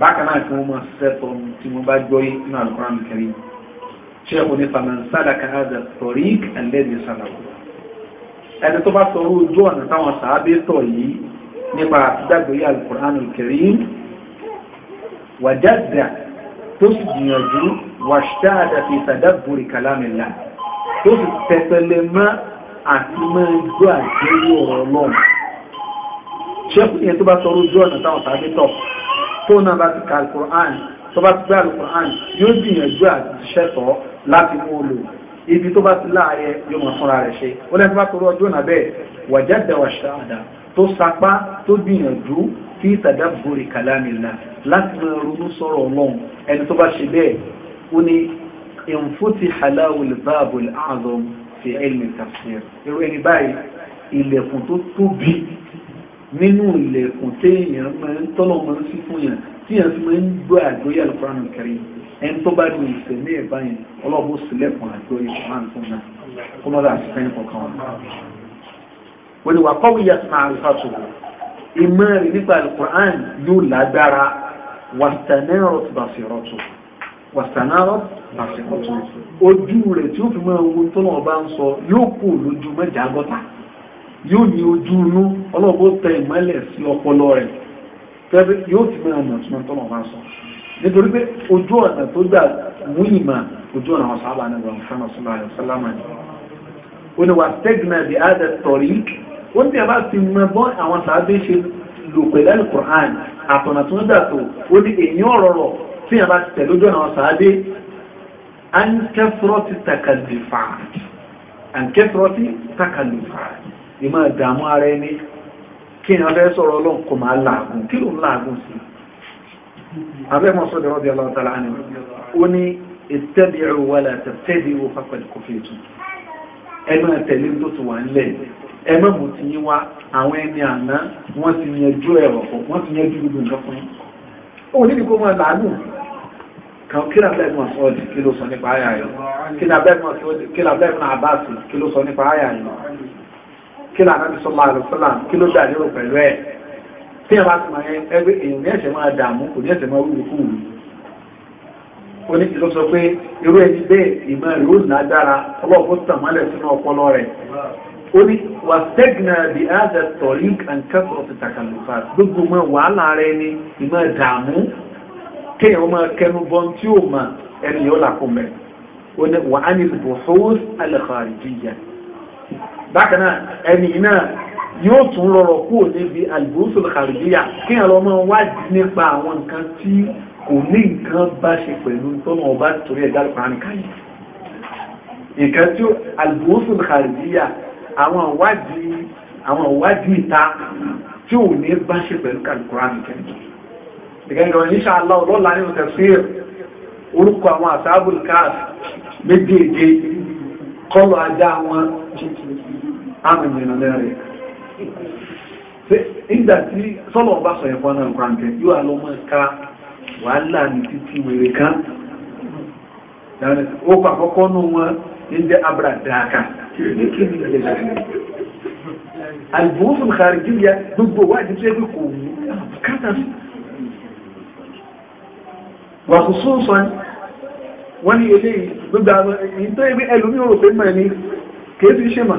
bákan náà kí wọ́n máa sẹ́tọ̀ tí wọ́n bá gbọ́ nínú Al-Qur'an Karim ṣé o ní faman salaka hadha at-tariq alladhi salaku ẹni tó bá tọ ojú ọ̀nà táwọn sàábé tọ̀ yìí nípa àtidágbé Al-Qur'an Karim wàjáde tó sì gbìyànjú wàṣítáàdà fi tadabburi kalamillah tó sì tẹpẹlẹ mọ́ àti máa gbọ́ àgbéyé ọ̀rọ̀ ọlọ́run ṣé o yẹn tó náà bá ti ka alukur'an tó bá ti gbé alukur'an yóò gbìyànjú àti ṣẹ́tọ̀ láti mú lò ibi tó bá ti láàyè yóò mọ̀ fúnra rẹ̀ ṣe ó lẹ́nu bá torí ọjọ́ náà bẹ́ẹ̀ wàjáde wà ṣáàdà tó sapá tó gbìyànjú fi tadabburi kalamillah láti máa ronú sọ̀rọ̀ ọlọ́run ẹni tó bá ṣe bẹ́ẹ̀ ó ní ìfúti halawul baabul azam fi ilmi tafsir irú ẹni báyìí ilẹ̀kùn tó tóbi nínú ilẹ̀kùn téèyàn máa ń tọ́lọ̀ máa ń sí fún yàn tí yàn máa ń gbọ́ àgbóyè Al-Qur'an Karim ẹni tó bá lu ìsẹ̀mí ẹ̀ báyìí ọlọ́bù sílẹ̀kùn àgbóyè Al-Qur'an fún náà kó lọ́dà sí fẹ́ẹ́ kọ̀ọ̀kan wọn. wọ́n ní wà kọ́wé yasma alifatu ìmọ̀ rẹ̀ nípa Al-Qur'an yóò lágbára wastanarot basirotu wastanarot basirotu ojú rẹ̀ tí ó fi máa yóò ní ojú inú ọlọ́gbó tẹ ìmọ́lẹ̀ sí ọpọlọ rẹ̀ tẹ́bí yóò ti mẹ́rin ọ̀nà tí wọ́n tọ́nà máa sọ nítorí pé ojú ọ̀nà tó gbà mú ìmọ̀ ojú ọ̀nà àwọn sábà ní wọn fẹ́ràn sọ́lá rẹ̀ sálámà ní. ó ní wà stẹ́gìnà di adẹ tọ̀rí ó ní ẹ̀bá ti mọ bọ́ àwọn sábẹ́ ṣe lò pẹ̀lú alukur'an àtọ̀nà tó ń dàtò ó ní èyí ọ̀rọ̀ rọ̀ tí ẹ̀bá ti tẹ̀lé ojú ọ̀nà àwọn sábẹ́ ankẹ́fọ́rọ́ ti takalifà ankẹ́fọ́rọ́ ti takalifà ìmọ̀ ìdààmú ara ẹni kí ni abẹ́ sọ̀rọ̀ ọlọ́run kò máa làágùn kí ló ń làágùn sí abẹ́ mọ́ sọ́dọ̀ ọ̀dẹ̀ ọlọ́run tààlà ni ó ní ittabi'u wa la tabtadi'u faqad kufaytum ẹ máa tẹ̀lé tó ti wà ńlẹ̀ ẹ má mú ti yín kí ló sọ nípa àyà yìí kí ló sọ nípa àyà yìí kí lànà bí sọmọ àlùfọlà kí ló dà lérò pẹ̀lú ẹ̀ tí ẹ bá ti mọ yẹn ẹgbẹ́ èèyàn ní ẹ̀sẹ̀ máa dààmú kò ní ẹ̀sẹ̀ máa wúwo kú wù ó ní ìlú sọ pé irú ẹni bẹ́ẹ̀ ìmọ̀ rẹ̀ ó nà dára ọlọ́ọ̀kọ́ tàn mọ́lẹ̀ sínú ọpọlọ rẹ̀ ó ní wà sẹ́gìnà bí áàdà tọ̀rí àǹkẹ́sọ̀ ti tàkàlùfà gbogbo mọ wàhálà rẹ̀ ni ìmọ̀ dààmú kéèyàn máa kẹnu bọ́n tí ó mọ ẹni yóò làkùnmẹ́ ó ní wà á ní bùhóòs alẹ́ bákan náà ẹni náà yóò tún rọrọ̀ kúrò níbi àlùbọ́sọ̀lù kàrìbíyà kí ẹ̀rọ máa wádìí nípa àwọn nǹkan tí kò ní nǹkan bá ṣe pẹ̀lú tọ́nà ọba torí ẹ̀dá ìparí káyìí nǹkan tí àlùbọ́sọ̀lù kàrìbíyà àwọn ìwádìí àwọn ìwádìí ìta tí ò ní bá ṣe pẹ̀lú kàlùkùránì kẹ́ńtì ìgbẹ́ngàn wọn insha Allah nínú tafsir orúkọ àwọn àsáàbùl méjèèjì kọ́lọ̀ ajá wọn àmì ìrìnà lẹ́rẹ̀ ìgbà tí sọ́lọ̀ bá sọ ẹ̀fọ́ náà kranke yóò alọ́mọ ká wàhálà ní títí wèrè kan ó pàkọ́kọ́ nù wọn ní jẹ́ abúràdáka alìbòsùn kàrìjìyà gbogbo wájú tó ẹgbẹ́ kò wú kátà sí wàkùsùn sọ wọ́n ní eléyìí gbogbo àwọn ìtọ́ ẹgbẹ́ ẹlòmíràn rò pé mọ̀ ní kèé fi ṣe mọ̀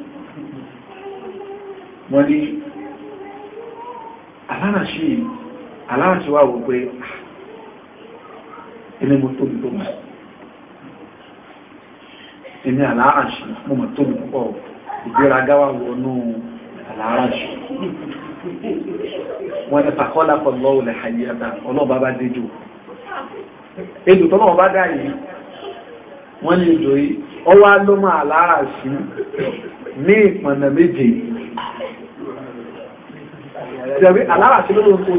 wọ́n ní alánàṣí aláàṣí wà wò pé ah, ẹni mo tóbi tó mọ̀ ẹni aláàṣí mo mọ̀ tóbi púpọ̀ ìgbéraga wà wọnú aláàṣí wọ́n ní fàkọ́lá pọ̀lọ́ olè àyíyàtà ọlọ́ọ̀bá bá déjò ejò tọ́lọ́wọ́ bá dá yìí wọ́n ní ejò yìí ọwọ́ á aláàṣí ní ìpọ̀nà méje tẹ̀wé aláràṣí ló ń kojú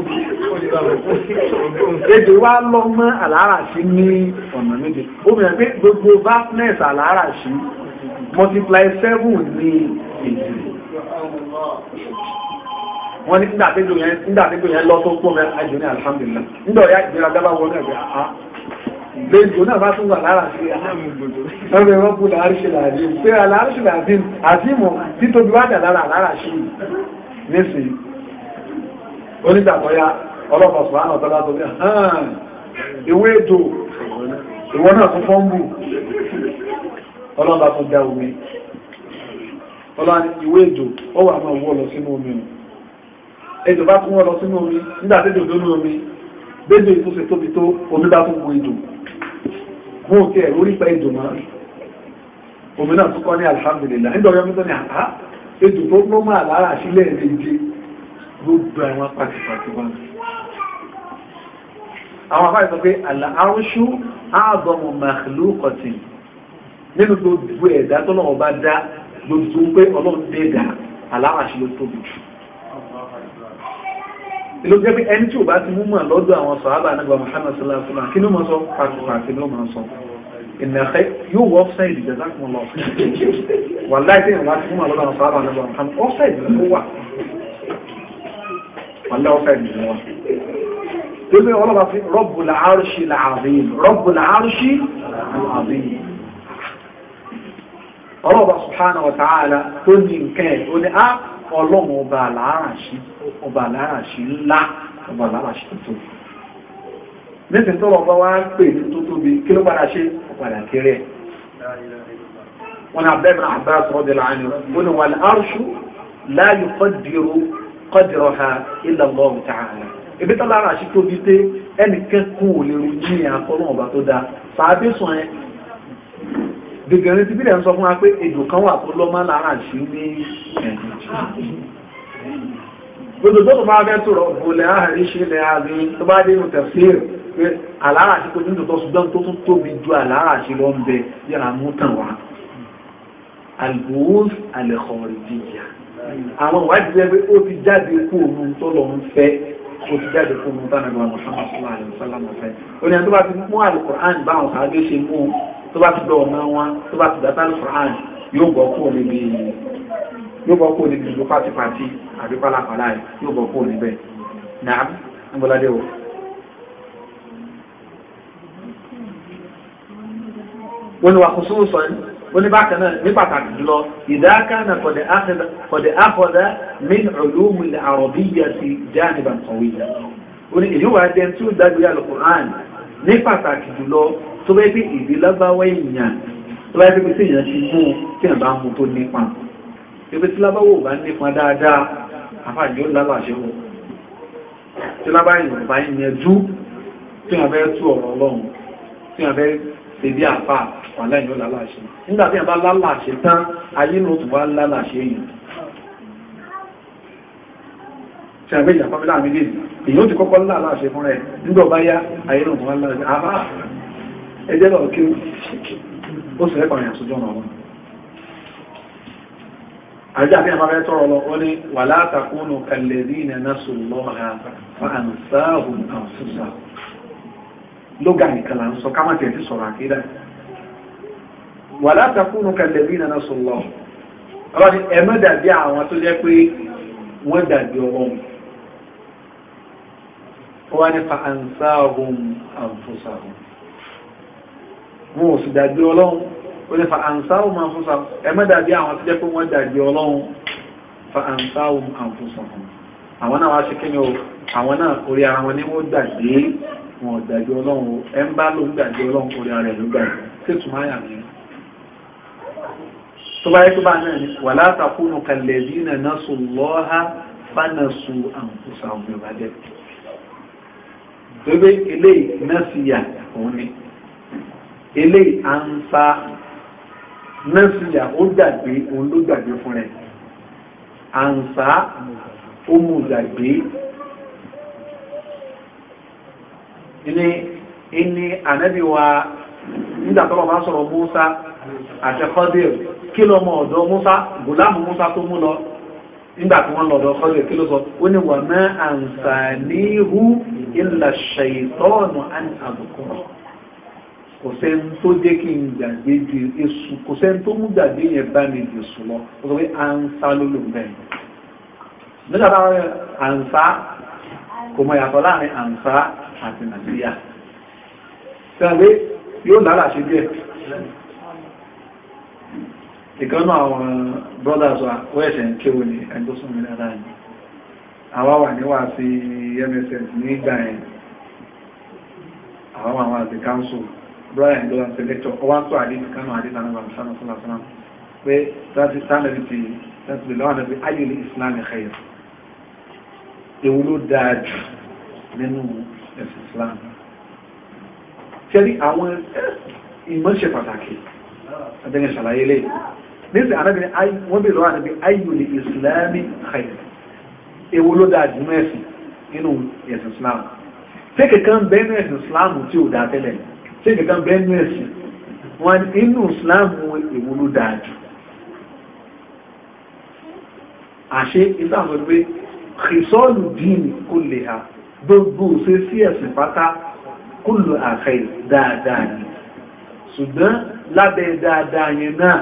èdè wa lọ mọ́ aláràṣí ní ọ̀nà méje ó bẹ̀rẹ̀ pé gbogbo vastness aláràṣí multiply seven ní èdè wọ́n ní nígbà tẹ́jọ yẹn nígbà tẹ́jọ yẹn lọ tó pọ̀ mẹ́ àjò ní alhamdulillah nígbà ọ̀yá ìgbéra dábà wọ náà bẹ́ẹ̀ àá ah, lẹ́jọ ah. náà bá tún wà lára sí ẹgbẹ́ wọn kú làárìṣẹ́ làdín pé àlàárìṣẹ́ làdín àdínmọ̀ títóbi wádà lára àláràṣí nísìnyí onígbàtọ́yá ọlọ́pàá àwọn ọ̀tọ́lá tó ní hàn ìwé ètò ìwọ́n náà fún fọ́nbù ọlọ́pàá fún dá omi ọlọ́pàá ìwé ètò ó wà máa wọ́ lọ sínú omi ètò bá kún wọ́n lọ sínú omi nígbà tẹ́jọ lónú omi bẹ́jọ ìtúnṣe tóbi tó omi bá tún wo ètò mú òkè ẹ̀rọ orípa ètò máa omi náà tún kọ́ ní alhamdulillah nígbà ọ̀yọ́ mi tó ní àbá ah, ètò tó nọ́mà lára sílẹ̀ èdè gbogbo àwọn pàtìpàtì wọn. àwọn afáàyè sọ pé àlà arúṣú ààbọ̀mù màálù kọ̀tìn nínú gbogbo ẹ̀dá tó náà bá dá gbogbo pé ọlọ́run dé dá aláwàṣí ló tóbi jù. ìlú jẹ́ pé ẹni tí ò bá ti mú mọ̀ lọ́dọ̀ àwọn sàhábà nígbà Muhammad sallallahu alaihi wasallam kí ló máa sọ pàtìpàtì ló máa sọ ìnàkẹ́ yóò wọ ọ́fṣáìdì jazakumullah wàláì tí ìrìnlá ti ọlọ́fẹ́ mi wọn. Tóbi ọlọ́ba fi rọ́bù làárùsí làbíyìn rọ́bù làárùsí làbíyìn. Ọlọ́ba subhanahu wa ta'ala tó ní nǹkan ẹ̀ ó ní á ah, ọlọ́run ọba làáràṣí ọba làáràṣí ńlá ọba làáràṣí tuntun. Nísìnyí tó lọ́ba wá ń pè ní tó tóbi kí ló padà ṣe ọ̀padà kéré ẹ̀. Wọ́n kọ́dìrọ̀ ha ilẹ̀ ọlọ́run tààlà ebi tọ́lá ara ṣe tóbi pé ẹnì kẹ́kọ̀ọ́ ò lè ròyìn ìyá fọlọ́run ọba tó dáa fàábí sùn ẹ gègèrè ti bílẹ̀ ń sọ fún wa pé èdò kan wà tó lọ́mọ lára ṣì ní gbogbo tó bá fẹ́ tòrọ bọ̀lẹ̀ àárín ṣẹlẹ̀ àbí tó bá dé inú tẹ̀síìr pé àlára àti kojú tó ṣùgbọ́n tó tún tóbi ju àlára àti lọ ń bẹ yàrá mú tàn wá. albus alẹ́kọ̀ọ́rẹ́ ti àwọn ìwádìí ẹgbẹ́ ó ti jáde kú òun tó lọ ń fẹ́ ó ti jáde kú òun tánà ìwà Muhammad sallallahu alaihi wasallam fẹ́ oní àti tó bá ti mú alukur'an báwọn sàájú ṣe mú tó bá ti dọ̀ ọ̀nà wọn tó bá ti dàtà alukur'an yóò bọ̀ kú òun níbi yóò bọ̀ kú òun níbi ìlú pátipáti àbí pálapàla yóò bọ̀ kú òun níbẹ̀ nàá ń bọ́lá dé o. wọ́n ni wà kó sóòsàn oníbàkan náà ní pàtàkì jùlọ ìdákanà kọ̀dẹ̀ àkọ́dá min ulumi al-arabiyyati janiban qawiyyan oní èyí wà jẹ́ tí ó dágbé al-Qur'an ní pàtàkì jùlọ tó bẹ́ẹ̀ bí ìdí lábáwá èèyàn tó bá yẹ pé tí èèyàn ti mú tí èèyàn bá mú tó nípa pé tí lábáwò bá nípa dáadáa àfàjì ó lábà ṣe wọ tí lábá èèyàn bá yẹn jú tí èèyàn fẹ́ tú ọ̀rọ̀ ọlọ́run tí èèyàn fẹ́ ṣe bí àfáà wàhálà yóò lálàṣe nígbà tí a bá lálàṣe tán ayé ló tún wá lálàṣe yìí ṣe àgbẹ̀ ìjà pàmílà mi lè èyí ó ti kọ́kọ́ lálàṣe fún rẹ̀ nígbà ó sì rẹ́pàá yàn sójú ọ̀nà wọn àjá àti àmàrẹ tọrọ lọ wọn ni wà látàkùnù kàlẹ́dí ìnà náà sùn lọ́ha fáànù sáàhùn àwọn sísà lóga nìkan là ń sọ ká má tẹ̀ wàlá takùnù kàlẹ́bí nana sọ̀lọ́ ọlọ́ni ẹ má dàbí àwọn tó jẹ́ pé wọ́n dàbí ọlọ́run ó wá ní fa ansáhùn àǹfọ̀sàhùn wọn ò sì dàbí ọlọ́run ó ní fa ansáhùn àǹfọ̀sàhùn ẹ má dàbí àwọn tó jẹ́ pé wọ́n dàbí ọlọ́run fa ansáhùn àǹfọ̀sàhùn àwọn náà wá ṣe kí o àwọn náà orí ara wọn ni wọ́n gbàgbé wọn ò gbàgbé ọlọ́run ẹ ń bá lóun gbàgbé ọlọ́run orí ara ẹ̀ ló gbàgbé ṣètùmáyà mi tó bá yẹ kó bá náà ni wàlá takunu kalladhina nasu Allaha fanasu anfusahum yorùbá jẹ́ bébé eléyìí nasiya òun ni eléyìí ansa nasiya ó gbàgbé òun ló gbàgbé fún rẹ̀ ansa ó mú gbàgbé ní ní ànábì wa nígbà tó bá sọ̀rọ̀ Musa àti Khadir kí lọ́mọ ọ̀dọ̀ Musa gùlámù Musa tó mú lọ nígbà tí wọ́n lọ́dọ̀ ọ̀dọ̀ kí ló sọ ó ní wà má àǹfààníhù ìlà ṣèyítọ́ọ̀nù àbùkù kò sẹ́ni tó jẹ́ kí n gbàgbé ju èṣù kò sẹ́ni tó mú gbàgbé yẹn bá mi jù sùn lọ ó sọ pé àǹfà ló lò bẹ́ẹ̀ nígbà táwọn àǹfà kò mọ yàtọ̀ láàrin àǹfà àti nàìjíríà sẹ́ni pé yóò lálàṣe díẹ̀ ìkan náà àwọn brothers wa wẹ́ẹ̀ṣẹ̀ ń kéwò ní ẹgbọ́sùn mi dára ní àwa wà níwà sí MSS nígbà ẹ̀ àwọn àwọn àti council brian dolan selector ọwá tó àdínì kánú àdínì àwọn àwọn sánà sọ́nà sọ́nà pé láti sánàbí ti láti lè lọ́wọ́n lọ́wọ́ ayé ní islam ẹ̀kẹ́yẹ ewu ló dáa jù nínú ẹ̀sìn islam ṣe ní àwọn ìmọ̀ ṣe pàtàkì abẹ́yẹn ṣàlàyé lẹ́yìn nísìnyí anábìrin ayi wọ́n bèèrè lọ́wọ́ anábìrin ayu ni islami xayiri ewu ló dáa jù mọ́ ẹ̀sìn nínú ẹ̀sìn islam ṣé kankan bẹ́ẹ̀ nínú ẹ̀sìn islam tí ò dáa tẹ́lẹ̀ ṣé kankan bẹ́ẹ̀ nínú ẹ̀sìn wọn inú islam ewu ló dáa jù àṣé islam sọ pé xisọ́ọ̀lù dín kò lè ha gbogbo ṣe sí ẹ̀sìn pátá kò lò àfẹ́ dáadáa ni ṣùgbọ́n lábẹ́ dáadáa yẹn náà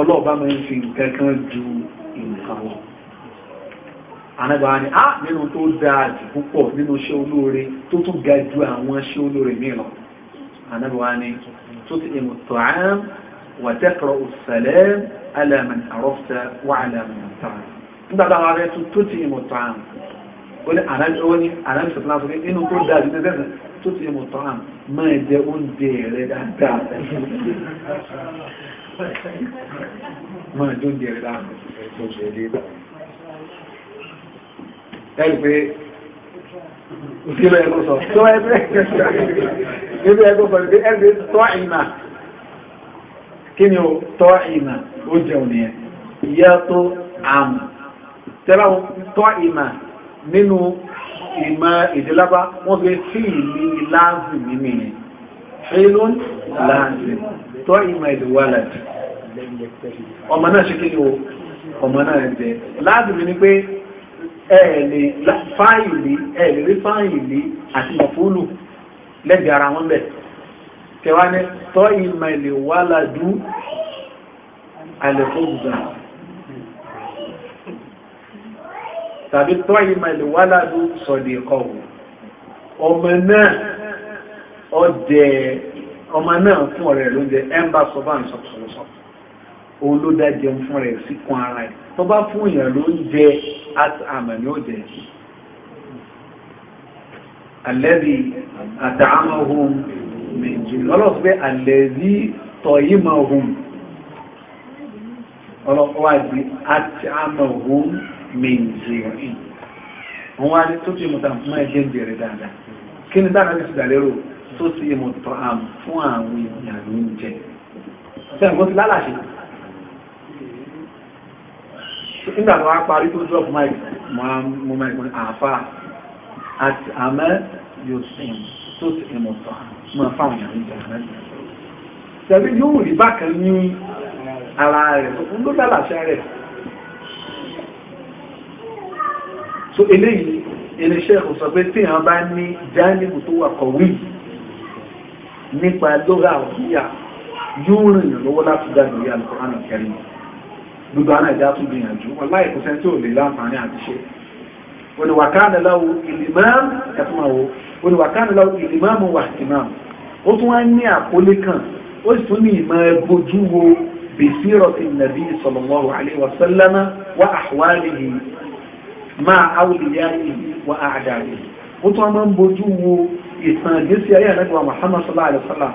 ọlọ́ọ̀bá máa ń fi nǹkan kan ju nǹkan lọ ànágbà ni a ah, nínú tó dáa jù púpọ̀ nínú iṣẹ́ olóore tó tún ga ju àwọn iṣẹ́ olóore mìíràn ànágbà ni tó ti ìmọ̀ tọ́ám wà tẹ́kọ̀rọ̀ òṣèlè alẹ́mìn àrọ́fẹ́ wà alẹ́mìn tọ́ám nígbà tá a wà rẹ tó ti ìmọ̀ tọ́ám ó ní ànágbà sọ̀tún láti nínú tó dáa jù nínú tó ti ìmọ̀ tọ́ám máa jẹ oúnjẹ rẹ dáadáa máa jó ń di ẹ̀rẹ́ láàmù ẹ̀tọ́ òṣèlú ìbá ẹ̀rù pé òṣèlú ẹ̀kọ́ sọ tó ẹgbẹ́ ẹgbẹ́ ẹgbẹ́ sọ pé ẹgbẹ́ tọ́ ìmà kí ni ó tọ́ ìmà ó jẹun nìyẹn ìyá tó àmù tẹ́lá tọ́ ìmà nínú ìmọ̀ ìdílábá wọ́n fi fíìlì láàzì mímì yẹn fíìlì láàzì mímì tọ́ ìmọ̀ ìlú wà láti ọmọ náà ṣe kí ni o ọmọ náà ń jẹ láti rí ni pé ẹ̀ẹ̀lì fáìlì ẹ̀ẹ̀lì rí fáìlì àti mọ̀fúlù lẹ́gbẹ̀ẹ́ ara wọn bẹ̀ kẹwàá ní tọ́ ìmọ̀ ìlú wà ládú àlẹ́fọ́gbà tàbí tọ́ ìmọ̀ ìlú wà ládú sọ̀dẹ̀kọ̀wò ọmọ náà ọdẹ ọmọ náà fún ọ̀rẹ́ ló ń jẹ ẹ ń bá sọ bá ń sọ sọ̀rọ̀sọ̀ òun ló dá jẹun fún rẹ̀ sí kan ara ẹ̀ tó bá fún èèyàn ló ń jẹ àmọ̀ ni ó jẹ alẹ́bí àtàmọ́hùn méjì ọlọ́sọ pé alẹ́bí tọ̀yìmọ̀hùn ọlọ́pàá di àtàmọ́hùn méjì wọ́n wá tó ti mọ̀tàn fún ẹ̀jẹ̀ ń jẹrẹ dáadáa kí ni dáadáa ti sì dà lérò tó ti mọ̀ tọ́ àm fún àwọn èèyàn ló ń jẹ. Sẹ́yìn ti lálàṣẹ. Nígbà tó wá parí tó drop mic, mo máa gbọ́n àáfà àti àmẹ́ yóò sìn tó ti mọ̀ tọ́ àm máa fáwọn èèyàn ló ń jẹ àmẹ́. yóò rí bákan ní ara rẹ̀ tó ló lálàṣẹ rẹ̀. So eléyìí, irinṣẹ́ kò sọ tí èèyàn bá ní jáníbù tó wà kọ̀wé nípa lóra àwùjíyà yóò rìn yàn lọ́wọ́ láti dá lórí alukọ́rán kẹrin gbogbo àwọn ẹ̀dá tún gbìyànjú ọláì kò sẹ́ńtì ò lè láǹfààní àti ṣe oníwàkánà láwo ìlìmáà ẹ̀fúnmáwo oníwàkánà láwo ìlìmáà mú wà ìmáàmù ó tún wá ní àkólé kan ó sì tún ní ìmọ̀ ẹgbójú wo بسيرة النبي صلى الله عليه وسلم وأحواله مع أوليائه وأعدائه ó tún máa ń bójú wo ìtàn ìgbésí ayé ànẹ́gbà Muhammad sallallahu alaihi wasallam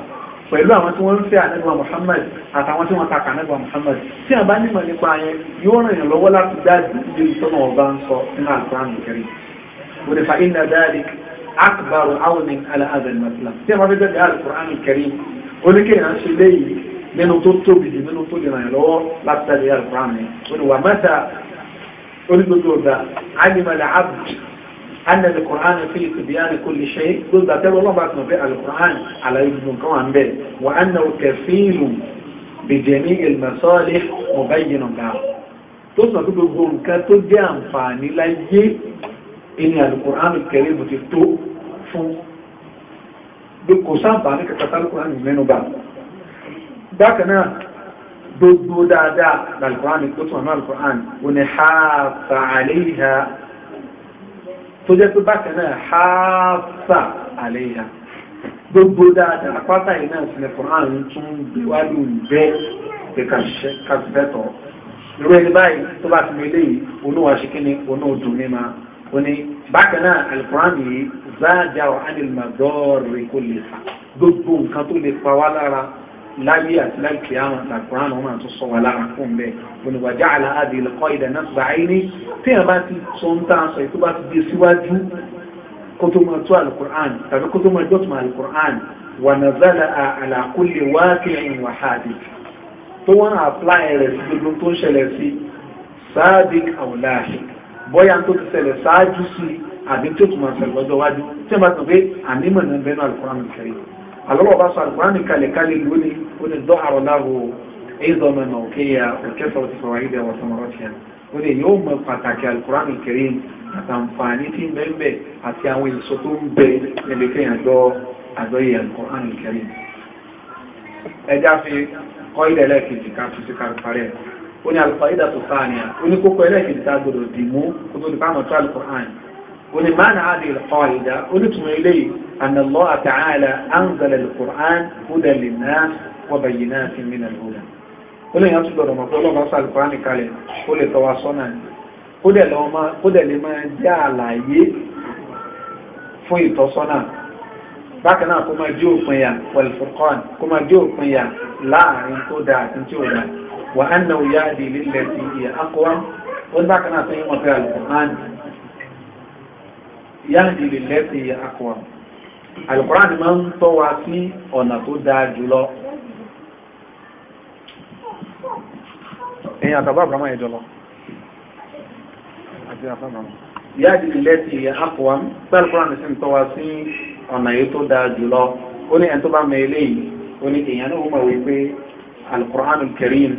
pẹ̀lú àwọn tí wọ́n ń fẹ́ ànẹ́gbà Muhammad àtàwọn tí wọ́n takà ànẹ́gbà Muhammad tí a bá nímọ̀ nípa yẹn yóò ràn yàn lọ́wọ́ láti dájú ilé ìtọ́nà ọba ń sọ nínú àgbáhàn kiri wọ́n fa iná dáàrí akbaru awnin ala adal maslam tí a bá fẹ́ dájú alukur'an kiri oníkè yàn ṣe léyìí nínú tó tóbi jù nínú tó lè ràn yàn lọ́wọ́ láti dájú alukur'an yẹn wọ́n wà mẹ́ta onígbogbo ọ̀gá أن القرآن فيه تبيان كل شيء قل بأتبع الله بعد ما بقى القرآن على يوم القرآن به وأنه كفيل بجميع المصالح مبين بها تسمى كل بقول كتب ينفعني لجي إن القرآن الكريم تفتو فو بكوسان فعني كتب القرآن منه بعد ذاك أنا دو دو دا دا القرآن كتب القرآن ونحاف عليها tó jẹ́ pé bákan náà haasa àléyà gbogbo dáadáa pátá yìí náà sílẹ̀ fún àrùn tún gbé wá ló ń bẹ́ pé ká ṣiṣẹ́ ká ti fẹ́ tọ̀ irú ẹni báyìí tó bá ti mele yìí onúwa ṣe kí ó ní bákan náà alukuran yìí záàjà wa kò lè fà gbogbo nǹkan tó lè pa wá lára láyé àti láì kí àwọn àtàkùnrán àwọn máa tún sọ wà lára fún bẹ́ẹ̀ oníwàjá àlà àdè ìlẹ̀kọ́ ìdá náà gbà áyé ní tí a bá ti sọ ń tà sọ ètò bá ti di síwájú kó tó máa tó alukur'an tàbí kó tó máa jọ́tùmọ̀ alukur'an wà nà zálà àlà kulli waqi'in wa hadith tó wọ́n àpláì rẹ̀ sí gbogbo tó ń ṣẹlẹ̀ sí sadiq aw bóyá tó ti ṣẹlẹ̀ ṣáájú sí àbí tó tún máa ṣẹlẹ̀ lọ́jọ́ wájú tí a bá tàn pé ànímọ̀ àlọ́wọ́ bá sọ àlùkùránì kalẹ̀kalẹ̀ lónìí ó ní dọ́hàrọ̀ láwo ẹ̀ẹ́dọ́mọ̀nà òkèèyà òkèfọ̀ ti sọ̀rọ̀ ayédè àwọn sọmọrọ́tìyà ó lè yóò mọ pàtàkì àlùkùránì kẹrin àtàǹfààní tí ń bẹ́ẹ̀ bẹ́ẹ̀ àti àwọn èso tó ń bẹ ẹ̀lẹ́kẹ́ àjọ àjọyẹ̀ àlùkùránì kẹrin ẹjá fi kọ́ ilẹ̀ lẹ́ẹ̀kejì ká tún sí kárí parẹ́ ó ní àlùkùránì tó sáà ní à ó ní kókó ẹlẹ́ẹ̀kejì tá gbọdọ̀ dì kó tó di fáwọn tó àlùkùránì ولمعنى هذه القاعدة ونتم إليه أن الله تعالى أنزل القرآن هدى للناس وبينات من الهدى ولن يصدر ما قال الله صلى القرآن قال قل تواصلنا قد لما قد لما جعل fún ìtọ́sọ́nà bákan náà kó máa jẹ́ òpin yà wal furqan kó máa jẹ́ òpin yà láàrin tó da àti tí ò da wà á nà òyà àdìlẹ̀ lẹ́sìn ìyà akọ́wá ó ní bákan náà tó yẹ wọn fẹ́ àlùkò náà yáàdì lè lẹ́sì àkùwà alukuran ni máa ń tọ́ wa sí ọ̀nà tó dáa jùlọ. ẹ̀yin àtàbà àbúrámà yẹn jọlọ. yáàdì lè lẹ́sì àkùwà pé alukuran ni sì ń tọ́ wa sí ọ̀nà yìí tó dáa jùlọ ó ní ẹni tó bá mọ eléyìí ó ní èèyàn náà ó mọ̀ wípé alukuran kẹrin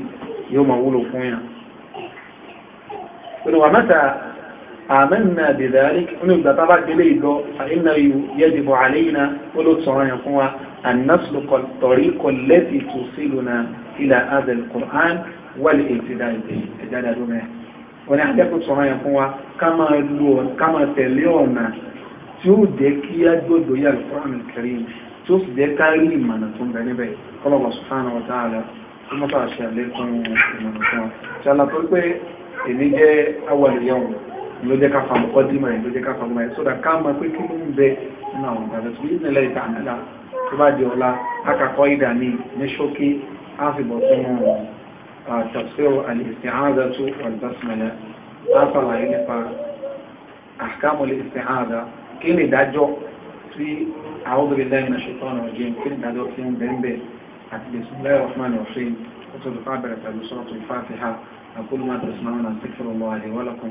yóò máa wúlò fún yàn. ó ní wàá mẹ́ta. آمنا بذلك ونبدأ طبعا إليه فإنه يجب علينا ولو تصنعوا أن نسلك الطريق التي توصلنا إلى هذا القرآن والاهتداء به إجادة دونه ونحن تصنعوا كما لون كما تليون تودك ó jẹ́ القرآن الكريم gbọ́dọ̀ yà lùkọ́rán kẹrin tí ó sì jẹ́ kárí ìmọ̀nà tó ń bẹ níbẹ̀ kọ́lọ̀wọ̀ sùfánà ọ̀tá ààrẹ tó mọ́ta ló jẹ́ ká famu ọdímọ̀ yẹn ló jẹ́ ká famu yẹn sódà ká máa pé kí ló ń bẹ nínú àwọn ìgbàlẹ̀ tó yìí nílẹ̀ ìta àmìlà tó bá di ọ̀la akakọ̀ ìdà ní ní ṣókí á sì bọ̀ sínú tafsir al-isti'adatu wal-basmala á sàlàyé nípa ahkamul isti'ada kí ni ìdájọ́ tí a'udhu billahi minash shaitani rajim kí ni ìdájọ́ tí ń bẹ́ẹ̀ bẹ́ẹ̀ àti bismillahir rahmanir rahim ó tó lè fà bẹ̀rẹ̀ pẹ̀lú suratul Fatiha aqulu ma tasma'una astaghfirullah li wa lakum.